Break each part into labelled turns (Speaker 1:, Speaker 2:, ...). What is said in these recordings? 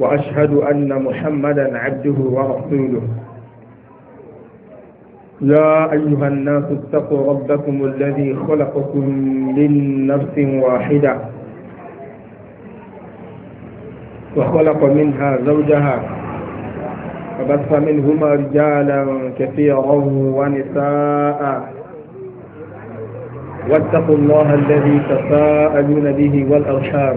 Speaker 1: وأشهد أن محمدا عبده ورسوله يا أيها الناس اتقوا ربكم الذي خلقكم من نفس واحدة وخلق منها زوجها فبث منهما رجالا كثيرا ونساء واتقوا الله الذي تساءلون به والأرحام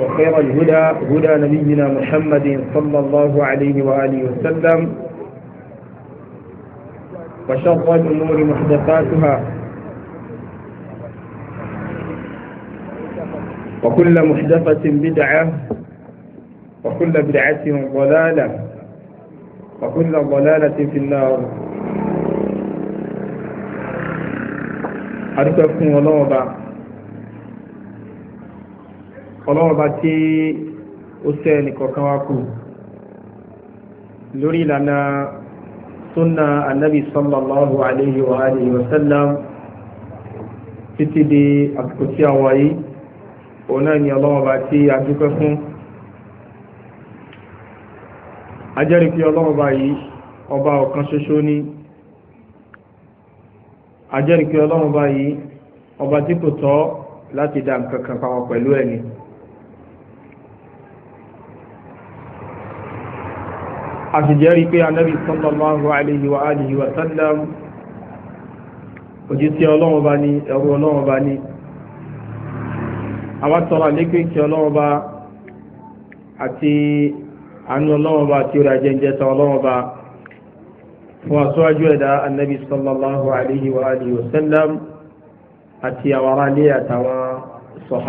Speaker 1: وخير الهدى هدى نبينا محمد صلى الله عليه وآله وسلم وشر الأمور محدثاتها وكل محدثة بدعة وكل بدعة ضلالة وكل ضلالة في النار أرجوكم ونوبة ọlọ́wọ́ bá tí ó ṣe ẹnìkọ̀ọ̀kan wa kù lórí ìlànà sunna anabi sallallahu alayhi wa alihi wa sallam títí di àsìkò tí a wáyé òun náà ni ọlọ́wọ́ bá tí a dúpẹ́ fún ajẹ́rìí pé ọlọ́wọ́ bá yìí ọba ọ̀kan ṣoṣo ní ajẹ́rìí pé ọlọ́wọ́ yìí ọba tí kò tọ́ láti dá nǹkan kan pamọ́ pẹ̀lú ẹni. àṣìjẹ́rí pé anábì sallallahu alayhi wa alihi wa sallam òjíṣẹ́ ọlọ́run bá ní ẹ̀rù ọlọ́run bá ní àwọn tọrọ àlékún ìkẹ́ ọlọ́run bá àti àánú ọlọ́run bá àti orí ajẹ́jẹ́ ta ọlọ́run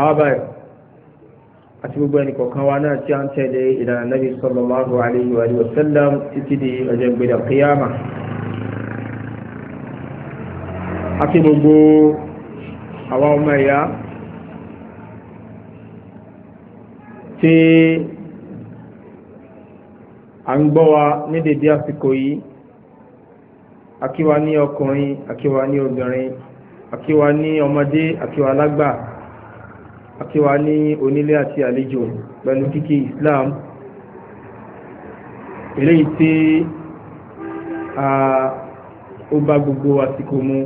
Speaker 1: bá àti gbogbo ẹnì kọ̀ọ̀kan wa náà tí a ń tẹ̀lé ìlànà nàbì sallallahu alayhi wa sallam títí di ọjọ́ ìgbéra kíyàmà. àti gbogbo àwa ọmọ ẹ̀yà tí a ń gbọ́ wa ní dèdè àsìkò yìí akíwa ní ọkùnrin akíwa ní obìnrin akíwa ní ọmọdé akíwa lágbà akíwa ní onílé àti àlejò pẹ̀lú kíkí Islam eléyìí tí ó bá gbogbo àsìkò mu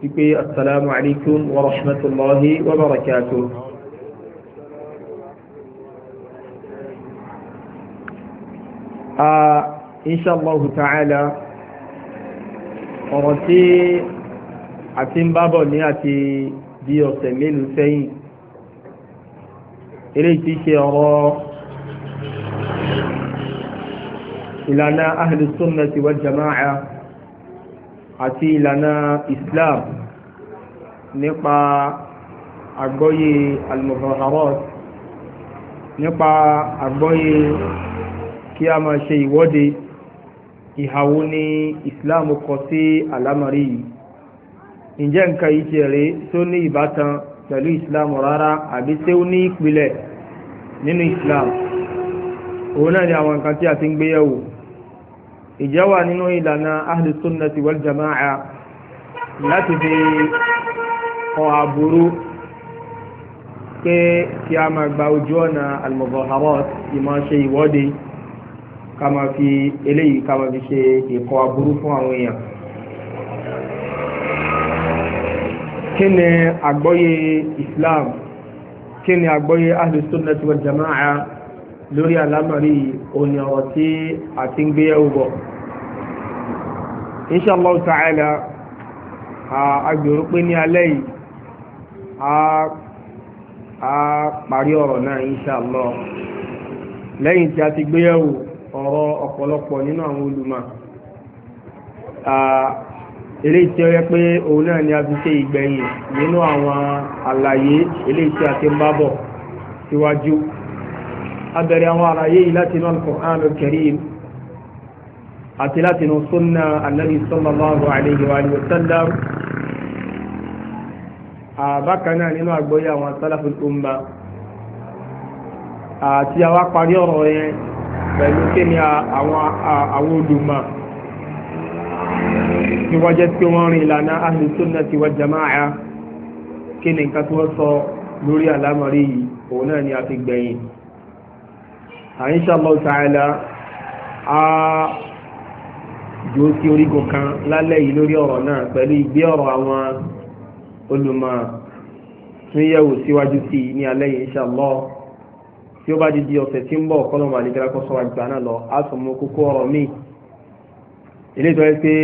Speaker 1: wípé asalaamu alaykum wa rahmatulahi wa barakatuh. inṣàlọ́hù tààlà ọ̀rọ̀ tí a ti ń bábọ̀ ní àti bí ọ̀sẹ̀ mélòó sẹ́yìn eléyìí ti ṣe ọ̀rọ̀ ìlànà ahlu sunnati wal jama'a àti ìlànà islam nípa àgbọ́yé al-muzaharat nípa àgbọ́yé kí a máa ṣe ìwọ́de ìhàwó ní islam kọ sí àlámọ̀rí yìí ǹjẹ́ nǹkan yìí ti rèé tó ní ìbátan pẹ̀lú islam rárá àbí tí ó ní ìpìlẹ̀ nínú islam òun náà ni àwọn nǹkan tí a ti ń gbéyẹ̀wò ìjẹ́ wà nínú ìlànà ahlu sunnati wal jama'a láti fi kọ àbúrú pé kí a máa gba ojú ọ̀nà al ìmọ̀ ṣe ìwọ́de ká máa fi eléyìí ká máa fi ṣe ìkọ àbúrú fún àwọn èèyàn. kí ni àgbọ́yé Islam kí ni àgbọ́yé ahlùsùnà network jama'a lórí àlámọ̀rí òní ọ̀rọ̀ tí a ti ń gbé yẹ̀wò bọ̀ inshallah ta'ala agbèrò pé ní alẹ́ yìí a parí ọ̀rọ̀ náà inshallah lẹ́yìn tí a ti gbé yẹ̀wò ọ̀rọ̀ ọ̀pọ̀lọpọ̀ nínú àwọn olùmọ̀ eléyìí tí ó yẹ pé òun náà ni a fi ṣe ìgbẹ̀yìn nínú àwọn àlàyé eléyìí tí a ti ń bá bọ̀ síwájú a àwọn àlàyé yìí láti inú al-Qur'an al àti láti inú sunna anabi sallallahu alayhi wa sallam àbákan náà nínú àgbọ́yé àwọn salaful umma àti àwa parí ọ̀rọ̀ yẹn pẹ̀lú kí ni àwọn olùmọ̀ tí wọ́n jẹ́ pé wọ́n rìn ìlànà ahlu sunnati wal jama'a kí ni nǹkan tí wọ́n sọ lórí àlámọ̀rí yìí òun náà ni a fi gbẹ̀yìn insha Allah ta'ala a jò sí orígun kan lálẹ́ yìí lórí ọ̀rọ̀ náà pẹ̀lú ìgbé ọ̀rọ̀ àwọn olùmọ̀ tún yẹ̀wò síwájú sí i ní alẹ́ yìí insha Allah tí ó bá di di ọ̀sẹ̀ tí ń bọ̀ kọ́lọ́mù àlejò akọ́sọ́wájú náà lọ á sọ mọ́ kókó ọ̀rọ̀ míì eléyìí yẹ pé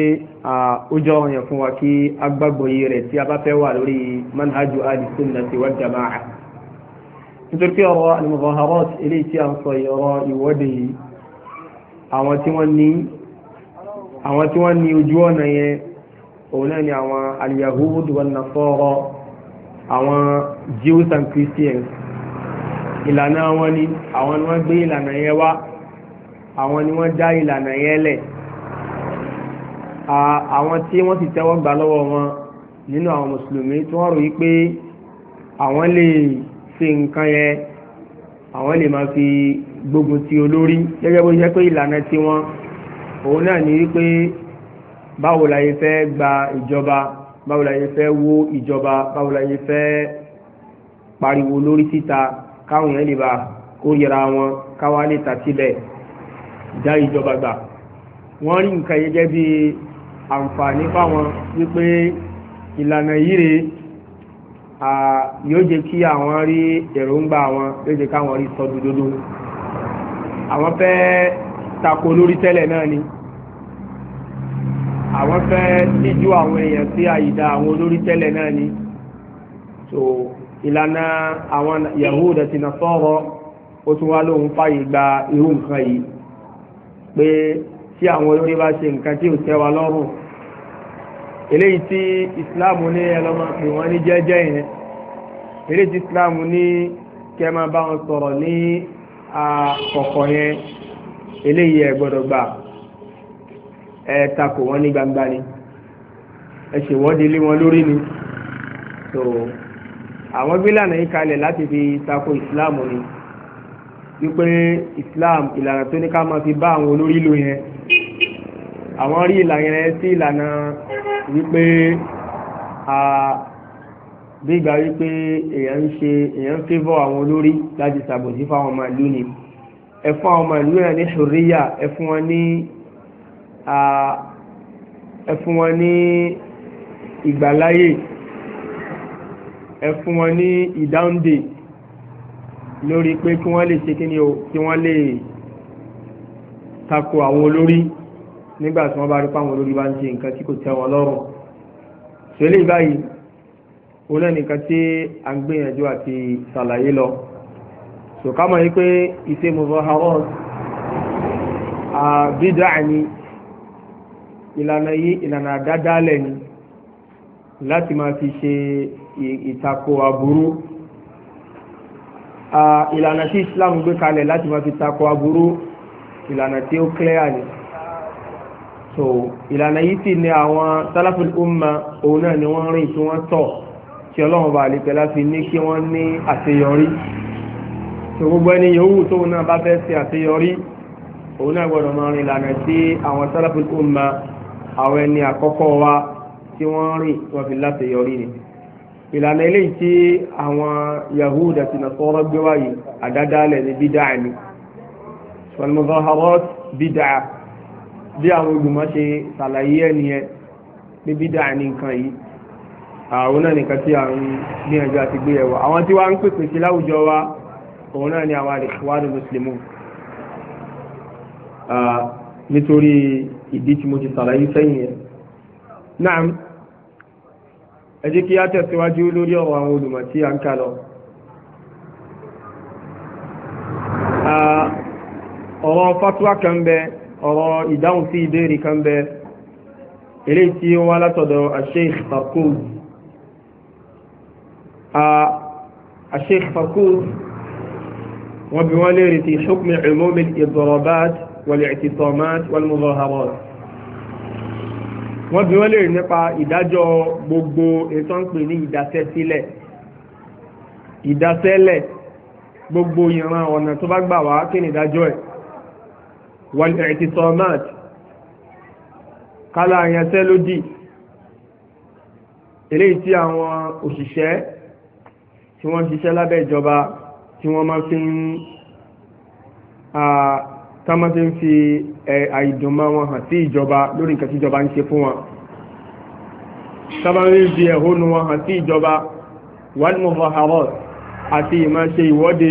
Speaker 1: ojú ọ̀hún yẹn fún wa kí agbágbọ̀ yìí rẹ̀ tí a bá fẹ́ wà lórí manhajú al-sunnati wal jama'a nítorí pé ọ̀rọ̀ al-muzaharat eléyìí tí a ń sọ ọ̀rọ̀ ìwọ́de yìí àwọn tí wọ́n ní àwọn tí wọ́n ní ojú ọ̀nà yẹn òun náà ni àwọn al-yahud wan nasara àwọn jews and christians ìlànà wọn ni àwọn ni wọ́n gbé ìlànà yẹn wá àwọn ni wọ́n dá ìlànà yẹn lẹ̀ àwọn tí wọ́n sì tẹ́wọ́ gbà lọ́wọ́ wọn nínú àwọn mùsùlùmí tí wọ́n rò wípé àwọn lè fi nǹkan yẹn àwọn lè máa fi gbógun ti olórí gẹ́gẹ́ bó ṣe pé ìlànà tiwọn òun náà ní wípé báwo la yẹ fẹ́ gba ìjọba báwo la yẹ fẹ́ wó ìjọba báwo la yẹ fẹ́ pariwo lórí síta káwọn yẹn lè bá kórìíra wọn káwa lè tà sílẹ̀ dá ìjọba gbà wọ́n rí nǹkan yẹn gẹ́gẹ́ bíi àǹfààní fáwọn wípé ìlànà yìí rè yóò jẹ́ kí àwọn rí èròǹgbà wọn yóò jẹ́ káwọn rí sọdún dodo àwọn fẹ́ tako lórí tẹ́lẹ̀ náà ni àwọn fẹ́ díjú àwọn èèyàn sí àyídá àwọn olórí tẹ́lẹ̀ náà ni so ìlànà àwọn Yahuda àti Nasara ó tún wá lóhun fàyè gba irú nǹkan yìí pé tí àwọn olórí bá ṣe nǹkan tí ò tẹ́ wa lọ́rùn eléyìí tí islam ní ẹlọ́mọ pé wọ́n ní jẹ́jẹ́ yẹn eléyìí tí islam ní kẹ́ máa bá wọn sọ̀rọ̀ ní àkọ́kọ́ yẹn eléyìí ẹ gbọ́dọ̀ gbà ẹ takò wọ́n ní gbangba ni ẹ ṣèwọ́de lé wọn lórí ni so àwọn gbílànà yìí kalẹ̀ láti fi takò islam ni wípé islam ìlànà tó ní ká máa fi bá àwọn olórí lò yẹn àwọn rí ìlànà yẹn sí ìlànà wípé bí ìgbà wípé èèyàn ń ṣe èèyàn ń fẹ́fọ́ àwọn olórí láti ṣàbòsí fáwọn ọmọ ìlú ni ẹ fún àwọn ọmọ ìlú náà ní ṣòríyà ẹ fún wọn ní ẹ wọn ní ìgbàláyè ẹ wọn ní ìdáǹdè lórí pé kí wọ́n lè ṣe kí ni o kí wọ́n lè tako àwọn olórí nígbà tí wọ́n bá rí páwọn olórí bá ń ṣe nǹkan tí kò tẹ́ wọn lọ́rùn ṣẹlẹ̀ báyìí òun náà nìkan tí a ń gbìyànjú àti ṣàlàyé lọ sòkámọ̀ yìí pé ìṣe muzaharat bídàá ni ìlànà yìí ìlànà àdádálẹ̀ ni láti máa fi ṣe ìtako aburú ìlànà tí Islam gbé kalẹ̀ láti máa fi tako aburú ìlànà tí ó clear ni so ìlànà yìí sì ni àwọn salaful umma òun náà ni wọ́n rìn tí wọ́n tọ̀ tí ọlọ́run bá àlè pẹ̀lá fi ní kí wọ́n ní àṣeyọrí so gbogbo ẹni yòówù tóun náà bá fẹ́ ṣe àṣeyọrí òun náà gbọ́dọ̀ máa rìn ìlànà tí àwọn salaful umma àwọn ẹni àkọ́kọ́ wa tí wọ́n rìn tí wọ́n fi láṣeyọrí ni ìlànà eléyìí tí àwọn Yahud àti Nasara gbé wáyé àdádálẹ̀ ní bídà ni wal muzaharat bídà bí àwọn olùmọ̀ ṣe ṣàlàyé ẹni ẹ ní bídà ní nǹkan yìí àwọn náà nìkan tí à ń gbìyànjú àti gbé yẹ̀wò àwọn tí wàá ń pèpè sí láwùjọ wa òun náà ni àwọn àdìsíwádìí mùsùlùmù nítorí ìdí tí mo ti ṣàlàyé sẹ́yìn ẹ̀ náà ẹ jẹ́ kí á tẹ̀síwájú lórí ọ̀rọ̀ àwọn olùmọ̀ tí à ń kà lọ. ọ̀rọ̀ fatwa kan bẹ́ẹ̀ ọ̀rọ̀ ìdáhùn sí ìbéèrè kan bẹ eléyìí tí ó wá látọ̀dọ̀ Sheikh Farkoz Sheikh Farkoz wọ́n bi wọ́n léèrè ti hukmi umumi al-idrabat wal-i'tisamat wal-mudaharat wọ́n bi wọ́n léèrè nípa ìdájọ́ gbogbo ètò ń pè ní ìdásẹ́sílẹ̀ ìdásẹ́lẹ̀ gbogbo ìran ọ̀nà tó bá gbà wá kí ni ìdájọ́ ẹ̀ wal-i'tisamat kálá àyànṣẹ́ lódì eléyìí tí àwọn òṣìṣẹ́ tí wọ́n ṣiṣẹ́ lábẹ́ ìjọba tí wọ́n máa fi ń támátí ń fi àìdùnmọ́ wọn hàn sí ìjọba lórí nǹkan tí ìjọba ń ṣe fún wọn tábàmí fi ẹ̀hónú wọn hàn sí ìjọba wal-muzaharat àti ìmáa ṣe ìwọ́de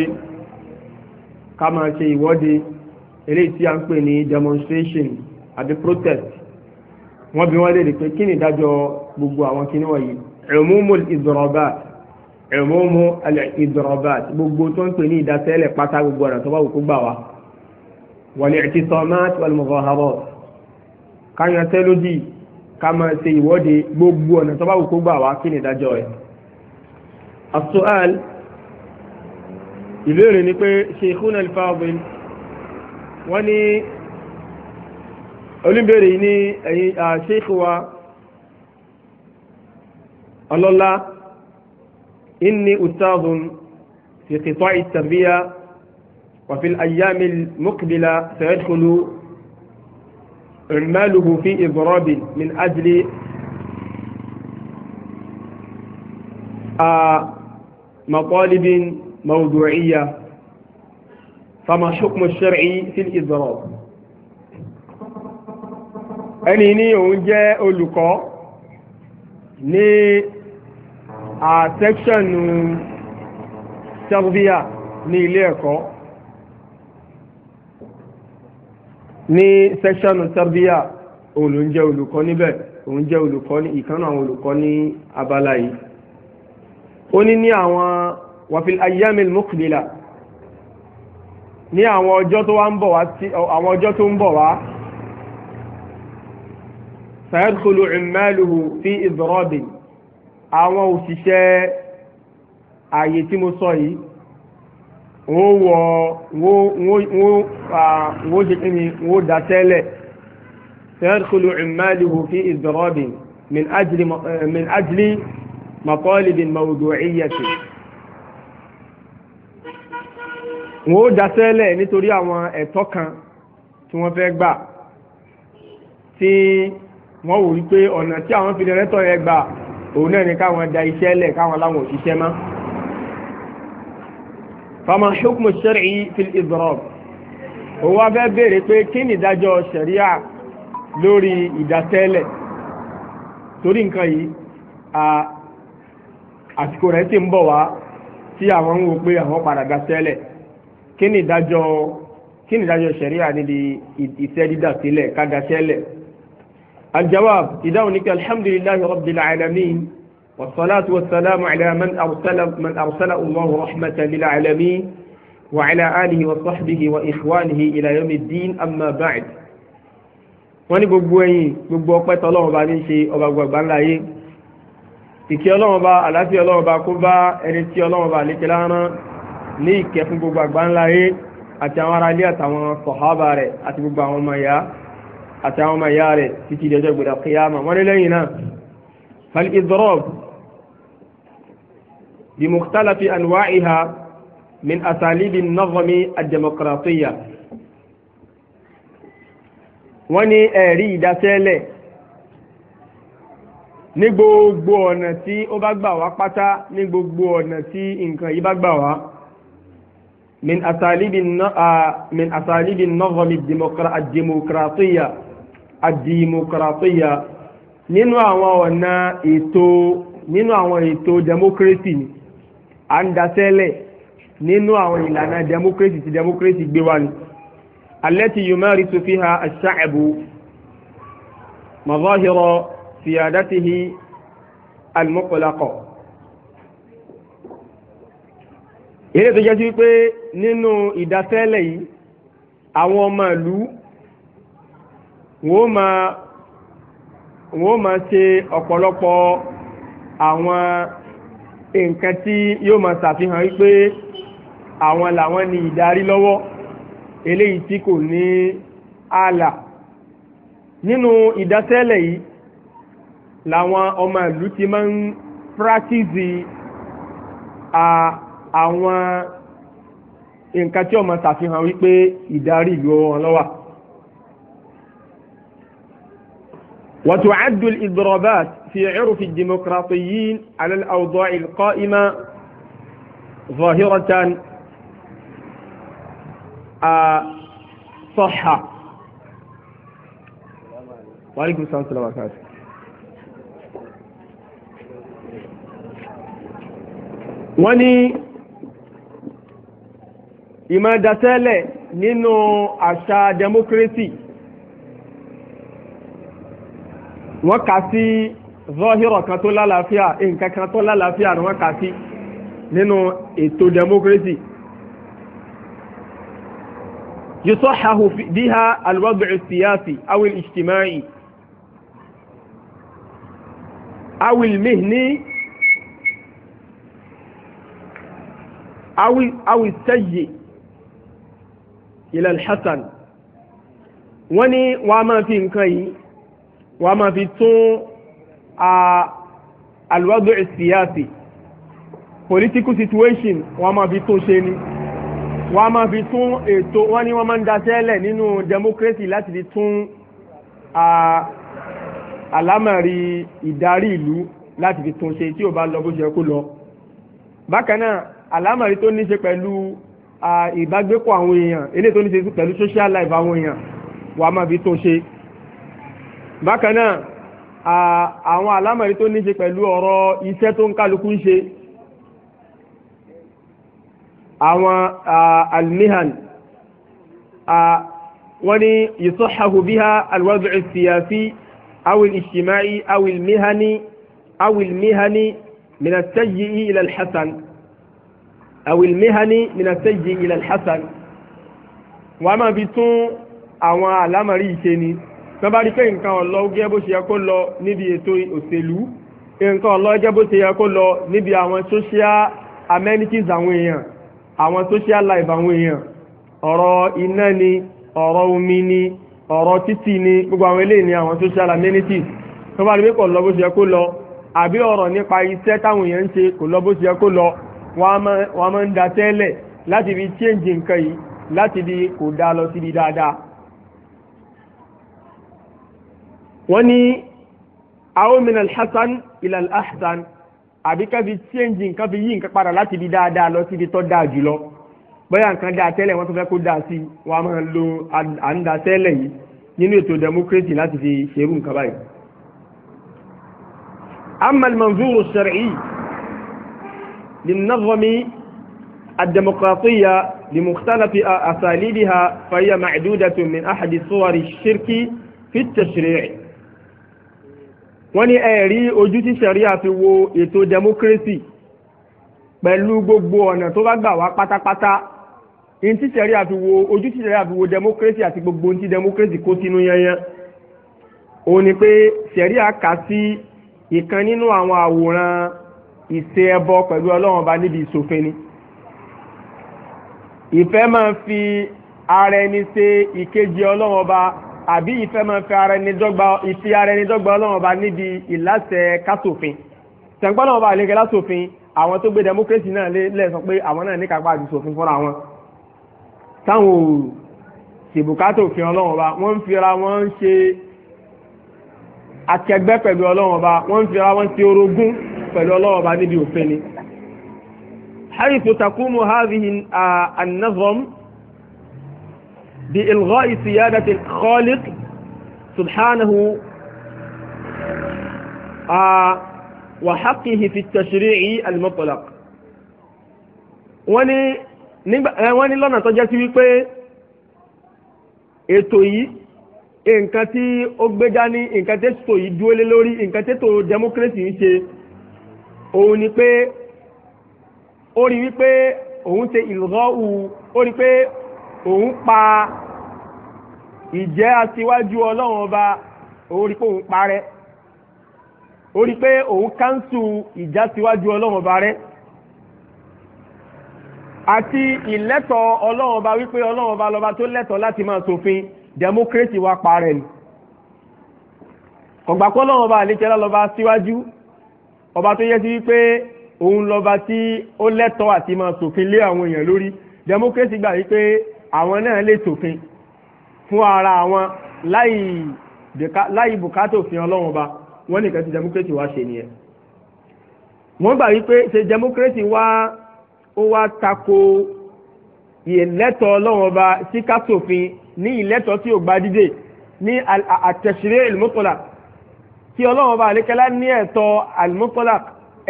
Speaker 1: ká máa ṣe ìwọ́de eléyìí tí a ń pè ní demonstration àbí protest wọ́n bi wọ́n léèrè pé kí ni ìdájọ́ gbogbo àwọn kíní wọ̀nyí ẹ̀múmú ìdọ̀rọ̀bàt ẹ̀múmú ìdọ̀rọ̀bàt gbogbo tó ń pè ní ìdásẹ́lẹ̀ pátá gbogbo ọ̀nà tó bá wù kó gbà wá wọlé ẹ̀tí sọ́mát wàlúmọ̀fọ́hábọ̀ káyọ̀ tẹ́lódì ká máa ṣe ìwọ́de gbogbo ọ̀nà tó bá wù kó gbà wá kí ni ìdájọ́ ẹ̀. as-su'al ìbéèrè ni pé Sheikhuna al-Fadil wọ́n ní olùbẹ̀rẹ̀ yìí ní ẹ̀yìn sheikh wa ọlọ́lá inni ustaadun fi qita'i tarbiya wa fil ayyami al-muqbila sayadkhulu fi في min ajli a maqalibin موضوعية فما حكم الشرع في الإضراب أني ní òun jẹ́ olùkọ́ ní àsẹ́kṣọ̀nù tẹ́rbíà ní ilé ẹ̀kọ́ ní sẹ́kṣọ̀nù tẹ́rbíà òun ló ń jẹ́ olùkọ́ níbẹ̀ òun olùkọ́ ní ìkànnà àwọn olùkọ́ ní abala yìí ó ní ní àwọn wàfíl ayyamil mọ́kùnlélà ní àwọn ọjọ́ tó wá ń bọ̀ wá sí àwọn ọjọ́ tó ń bọ̀ wá sayadkhulu ummaluhu fi idrabin àwọn òṣìṣẹ́ ààyè tí mo sọ yìí wọ́n wọ wọ́n ṣe kí ni wọ́n dá tẹ́lẹ̀ sayadkhulu ummaluhu fi idrabin min ajli min ajli wọn ó dasẹ́lẹ̀ nítorí àwọn ẹ̀tọ́ kan tí wọ́n fẹ́ gbà tí wọ́n wò wípé ọ̀nà tí àwọn fìdí rẹ́tọ̀ yẹn gbà òun náà ni da iṣẹ́ lẹ̀ káwọn láwọn òṣìṣẹ́ mọ́. fama hukmu shar'i fil idrab òun wá fẹ́ béèrè pé kí ni ìdájọ́ sẹ̀ríà lórí ìdásẹ́lẹ̀ torí nǹkan yìí àsìkò rẹ̀ sì ń bọ̀ wá tí àwọn ń wo pé kí ni ìdájọ́ kí ni ìdájọ́ ṣẹ̀ríà níbi iṣẹ́ dídà sílẹ̀ kádàṣẹ́lẹ̀ aljawab ìdáhùn ní kí alhamdulilayi rabbil alamin والصلاة والسلام على من أرسل من أرسله الله رحمة للعالمين وعلى آله وصحبه وإخوانه إلى يوم الدين أما بعد wọ́n ní gbogbo ẹ̀yìn gbogbo ọpẹ́ tọ́lọ́run bá ní ṣe ọba gbàgbà ńlá yé ìkí ọlọ́run bá àlàáfíà ọlọ́run bá kó bá ẹni tí ọlọ́run bá lékelá rán ní ìkẹ́ fún gbogbo àgbà ńlá yé àti àwọn ará ilé àtàwọn sọ̀hábà rẹ̀ àti gbogbo àwọn ọmọ ìyá àti àwọn ọmọ ìyá rẹ̀ títí ìdẹ́jọ́ gbèrè kíyàmà wọ́n ní lẹ́yìn náà fal idrob bi mukhtalafi anwa'iha min asalibi nazami ademokratiya wọ́n ní ẹ̀rí ìdásẹ́lẹ̀ ní gbogbo ọ̀nà tí ó bá gbà wá pátá ní gbogbo ọ̀nà tí nǹkan yìí bá gbà wá. من أساليب آه، من أساليب النظم الديمقراطية الديمقراطية نينو أوا ونا إيتو نينو أوا إيتو ديموكراسي عند سيلي نينو أوا إلانا ديموكراسي ديموكراسي بيوان التي يمارس فيها الشعب مظاهر سيادته المقلقة eré tó jẹ́ sí wípé nínú ìdásẹ́lẹ̀ yìí àwọn ọmọ ìlú wọ́n máa wọ́n máa ṣe ọ̀pọ̀lọpọ̀ àwọn nǹkan tí yóò máa ṣàfihàn wípé àwọn làwọn ni ìdarí lọ́wọ́ eléyìí tí kò ní ààlà nínú ìdásẹ́lẹ̀ yìí làwọn ọmọ ìlú ti máa ń pírátìsì àwọn nǹkan tí ọmọ ṣàfihàn wípé ìdarí ìlú wọn lọ́wà. وتعد الإضرابات في عرف الديمقراطيين على الأوضاع القائمة ظاهرة صحة وعليكم السلام ورحمة الله وبركاته wọ́n ní ìmọ̀dásẹ́lẹ̀ nínú àṣà democracy wọ́n kà sí zọ́hírọ̀ kan tó lálàáfíà nǹkan kan tó lálàáfíà ni wọ́n kà sí nínú ètò democracy yusọ́hàhù bíhá alwadu siyasi awil ijtimai awil mihni awil awil sayyi ila al-hasan wọ́n ní wọ́n á máa fi nǹkan yìí wọ́n máa fi tún alwadu siyasi political situation wọ́n á máa fi tún ṣe ni wọ́n máa fi tún ètò wọ́n ní wọ́n máa ń daṣẹ́lẹ̀ nínú democracy láti fi tún àlámàrí ìdarí ìlú láti fi tún ṣe tí ò bá lọ bó ṣe kó lọ bákan náà àlámàrí tó ní ṣe pẹ̀lú ìbágbépọ̀ àwọn èèyàn eléyìí tó ní ṣe pẹ̀lú social life àwọn èèyàn wàá máa fi tó ṣe bákan náà àwọn àlámọ̀rí tó ní ṣe pẹ̀lú ọ̀rọ̀ iṣẹ́ tó ń kálukú ń ṣe àwọn almihan wọ́n ní yusahhahu biha alwad'u siyasi awil ijtima'i awil mihani awil mihani min as-sayyi'i ila hasan àwìl mihani mina sẹ́yìn ilẹ̀ hasan wọ́n á máa fi tún àwọn àlámọ̀rí ìṣe ni wọ́n bá rí pé nǹkan ọ̀lọ́ gẹ́gẹ́ bó ṣe yẹ kó lọ níbi ètò òṣèlú nǹkan ọ̀lọ́ gẹ́gẹ́ bó ṣe yẹ kó lọ social amenities àwọn èèyàn àwọn social life àwọn èèyàn ọ̀rọ̀ iná ni ọ̀rọ̀ omi ni ọ̀rọ̀ títì ni gbogbo àwọn eléyìí ni àwọn social amenities wọ́n bá rí pé kò lọ bó ṣe yẹ kó lọ àbí ọ̀rọ̀ nípa iṣẹ́ táwọn èèyàn ń ṣe kò lọ bó ṣe yẹ kó lọ wọ́n máa ń da tẹ́lẹ̀ láti fi change nǹkan yìí láti di kò dáa lọ síbi dáadáa. wọ́n ní àwọn min alhassan ila alahsan àbí ká fi change nǹkan fi yí nǹkan padà láti di dáadáa lọ síbi tó dáa jùlọ bóyá nǹkan dáa tẹ́lẹ̀ wọ́n tó fẹ́ kó dáa sí i wọ́n máa lo à ń da tẹ́lẹ̀ yìí nínú ètò democracy láti fi ṣerú nǹkan báyìí. amma manzuru shar'i للنظم الديمقراطية لمختلف أساليبها فهي معدودة من أحد صور الشرك في التشريع wọ́n ní ẹ̀rí ojú tí sẹ̀ríà fi wo ètò democracy pẹ̀lú gbogbo ọ̀nà tó bá gbà wá pátápátá ní tí sẹ̀ríà fi wo ojú tí sẹ̀ríà fi wo democracy àti gbogbo ní tí democracy kó sínú yẹnyẹn òun ni pé sẹ̀ríà kà sí ìkan nínú àwọn àwòrán ìṣe ẹbọ pẹ̀lú ọlọ́run ọba níbi ìṣòfin ni ìfẹ́ máa ń fi ara ẹni ṣe ìkejì ọlọ́run ọba àbí ìfẹ́ máa ń fi ara ẹni dọ́gba ìfi ara ẹni dọ́gba ọlọ́run ọba níbi ìlàsẹ̀ kásòfin tẹ̀gbọ́n náà ọba àlejò lásòfin àwọn tó gbé democracy náà lẹ̀ sọ pé àwọn náà ní kápá àti fúnra wọn táwọn ò ṣèbùkátà òfin ọlọ́run ọba wọ́n ń fira wọn ṣe akẹgbẹ́ pẹ̀lú ọlọ́run ọba wọ́n ń fira wọn ṣe orogún pẹ̀lú ọlọ́wọ́ bá níbi òfin ni. حيث تقوم هذه النظم بإلغاء سيادة الخالق سبحانه وحقه في التشريع المطلق wọ́n ní lọ́nà tó jẹ́ sí wípé ètò yìí nǹkan tí ó gbé dání nǹkan tí yìí dúró lé lórí nǹkan tí democracy ń ṣe òun ni pé ó rí wípé òun ṣe ìlọ́wù ó rí pé òun pa ìjẹ́ aṣíwájú ọlọ́run ọba òun rí pé òun parẹ́ ó rí pé òun kánṣu ìjà aṣíwájú ọlọ́run ọba rẹ́ àti ìlẹ́tọ̀ ọlọ́run ọba wípé ọlọ́run ọba lọ́ba tó lẹ́tọ̀ láti máa ṣòfin democracy wa parẹ́ ni kọ̀gbàkọ́ ọlọ́run ọba àlejò lọ́ba síwájú. Si ọba tó yẹ sí wípé òun lọ́ba tí ó lẹ́tọ̀ọ́ àti máa ṣòfin lé àwọn èèyàn lórí democracy gbà wípé àwọn náà lè ṣòfin fún ara àwọn láì bùkátà òfin ọlọ́run ọba wọ́n nìkan tí democracy wá ṣe nìyẹn wọ́n gbà wípé ṣe democracy wá ó wá tako ìlẹ́tọ̀ọ́ ọlọ́run ọba sí ká ṣòfin ní ìlẹ́tọ̀ọ́ tí ò gba dídè ní àtẹ̀síré ìlúmọ́tòlá tí ọlọ́run ọba àlékẹ́lá ní ẹ̀tọ́ al-mutlaq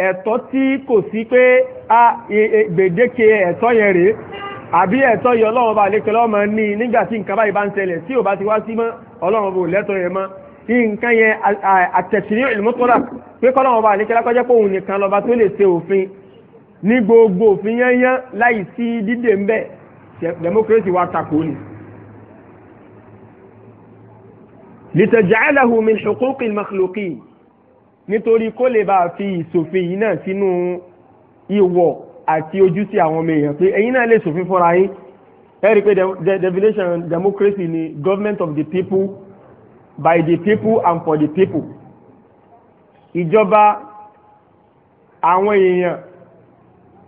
Speaker 1: ẹ̀tọ́ tí kò sí pé a e, e, gbèdéke ẹ̀tọ́ yẹn rèé àbí ẹ̀tọ́ yìí ọlọ́run ọba àlékẹ́lá ọmọ ní nígbà tí nǹkan báyìí bá ń ṣẹlẹ̀ tí ò bá ti wá sí mọ́ ọlọ́run ọba ò lẹ́tọ̀ yẹn mọ́ kí nǹkan yẹn àtẹ̀sírí al pé kọ́lọ́run ọba àlékẹ́lá kọjá pé òun nìkan lọ́ba tó lè ṣe òfin ní gbogbo òfin yẹn yẹn láì sí dídè ńbẹ̀ democracy wa takò ni. litaj'alahu min huquqil makhluqin nítorí kó lè bá a fi ìṣòfin yìí náà sínú ìwọ̀ àti ojúṣe àwọn ọmọ èèyàn pé ẹ̀yin náà lè ṣòfin fúnra yín ẹ rí i pé the definition democracy ni government of the people by the people and for the people ìjọba àwọn èèyàn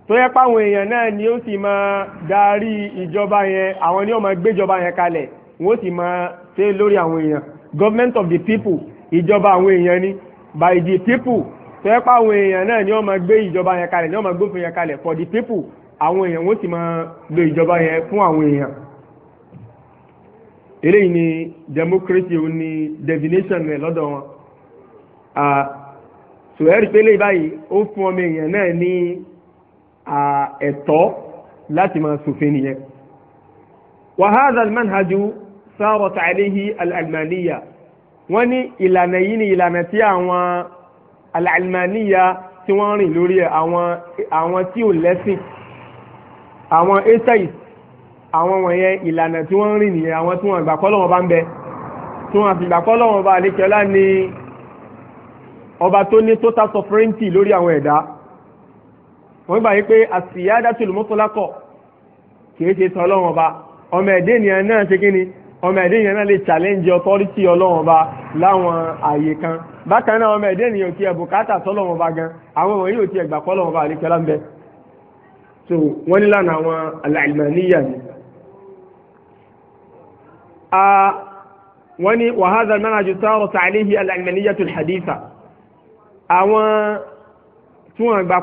Speaker 1: tó yẹ pé àwọn èèyàn náà ni ó sì máa darí ìjọba yẹn àwọn ni ó máa gbéjọba yẹn kalẹ̀ wọ́n sì máa ṣe lórí àwọn èèyàn government of the people ìjọba àwọn èèyàn ni by the people fẹ́ pa àwọn èèyàn náà ni wọ́n máa gbé ìjọba yẹn kalẹ̀ ni wọ́n máa gbófin yẹn kalẹ̀ for the people àwọn èèyàn wọ́n sì máa lo ìjọba yẹn fún àwọn èèyàn. eléyìí ni democracy ò ní definition rẹ̀ lọ́dọ̀ wọn. sùhẹ́rì pélé báyìí ó fún ọmọ èèyàn náà ní ẹ̀tọ́ láti máa ṣòfin nìyẹn. wàhálà manhajú صارت عليه al وني إلى ní إلى yìí ni ìlànà tí لوري al-almaniya tí wọ́n rìn lórí ẹ̀ àwọn àwọn tí ò lẹ́sìn àwọn atheist àwọn wọ̀nyẹn ìlànà tí wọ́n rìn nìyẹn àwọn tí wọ́n ìgbàkọ́ lọ́wọ́ bá ń bẹ tí wọ́n àti ìgbàkọ́ lọ́wọ́ bá ni ọba tó ní total sovereignty lórí àwọn ẹ̀dá wọ́n gbà yí pé àsìyá dátìlú kìí ṣe tán ọba ọmọ ẹ̀dẹ́ ènìyàn náà ṣe kí ni ọmọ ẹ̀dẹ́ ènìyàn náà lè challenge authority ọlọ́run ọba láwọn àyè kan bákan náà ọmọ ẹ̀dẹ́ ènìyàn ti ẹ̀bùkátà sọ́lọ́run ọba gan àwọn ọmọ yìí ò ti ẹ̀gbà kọ́lọ́run ọba àríkẹ́lá ń bẹ so wọ́n ní lánàá àwọn alàìmọ̀níyà ni. wọ́n ní wàhálà mẹ́nàjú sáárọ̀ sàlẹ́hì alàìmọ̀níyà tó haditha àwọn tí wọ́n gbà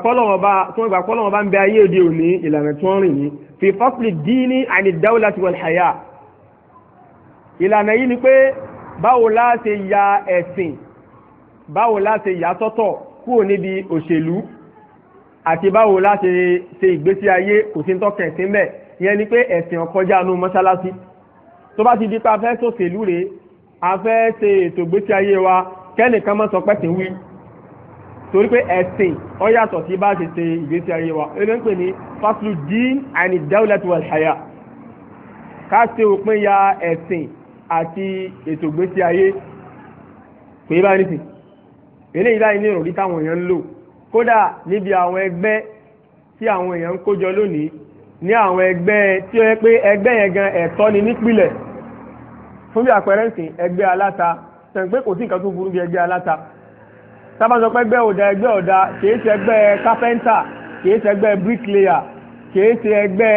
Speaker 1: kọ́lọ́run ọba ń bẹ ayé òde òní ìlànà tí wọ́n rìn yìí fi fọ́sìlì díínì àní dáwọ́lá ti wọ̀lẹ̀ ìlànà yìí ni pé báwo la ṣe ya ẹ̀sìn báwo la ṣe yà sọ́tọ̀ kúrò níbi òṣèlú àti báwo la ṣe ṣe ìgbésí ayé kò sí tọ́kẹ̀ sí mbẹ̀ ìyẹn ni pé ẹ̀sìn ọ̀kọjá nu mọ́ṣáláṣí tó bá ti di pé a fẹ́ ṣòṣèlú rèé a fẹ́ ṣe ètò ìgbésí ayé wa kẹ́nìkan mọ́ sọ pẹ́sìn wí torí pé ẹ̀sìn ó yàtọ̀ sí bá ṣe ṣe ìgbésí ayé wa ẹni ń pè ní faslu din and dawlat wal ká ṣe òpin ya ẹ̀sìn àti ètò ìgbésí ayé pé bá ní sìn eléyìí báyìí ní ìròrí táwọn èèyàn ń lò kódà níbi àwọn ẹgbẹ́ tí àwọn èèyàn ń kójọ lónìí ní àwọn ẹgbẹ́ tí ó yẹ pé ẹgbẹ́ yẹn gan ẹ̀tọ́ ni nípìnlẹ̀ fún bí àpẹẹrẹ ń sìn ẹgbẹ́ aláta sẹ̀ǹ pé kò sí nǹkan tó burú bí ẹgbẹ́ aláta sábàjọ pé ẹgbẹ́ ọ̀dà ẹgbẹ́ ọ̀dà kìí ṣe ẹgbẹ́ kápẹ́ńtà kìí ṣe ẹgbẹ́ bíríkìlẹ́yà kìí ṣe ẹgbẹ́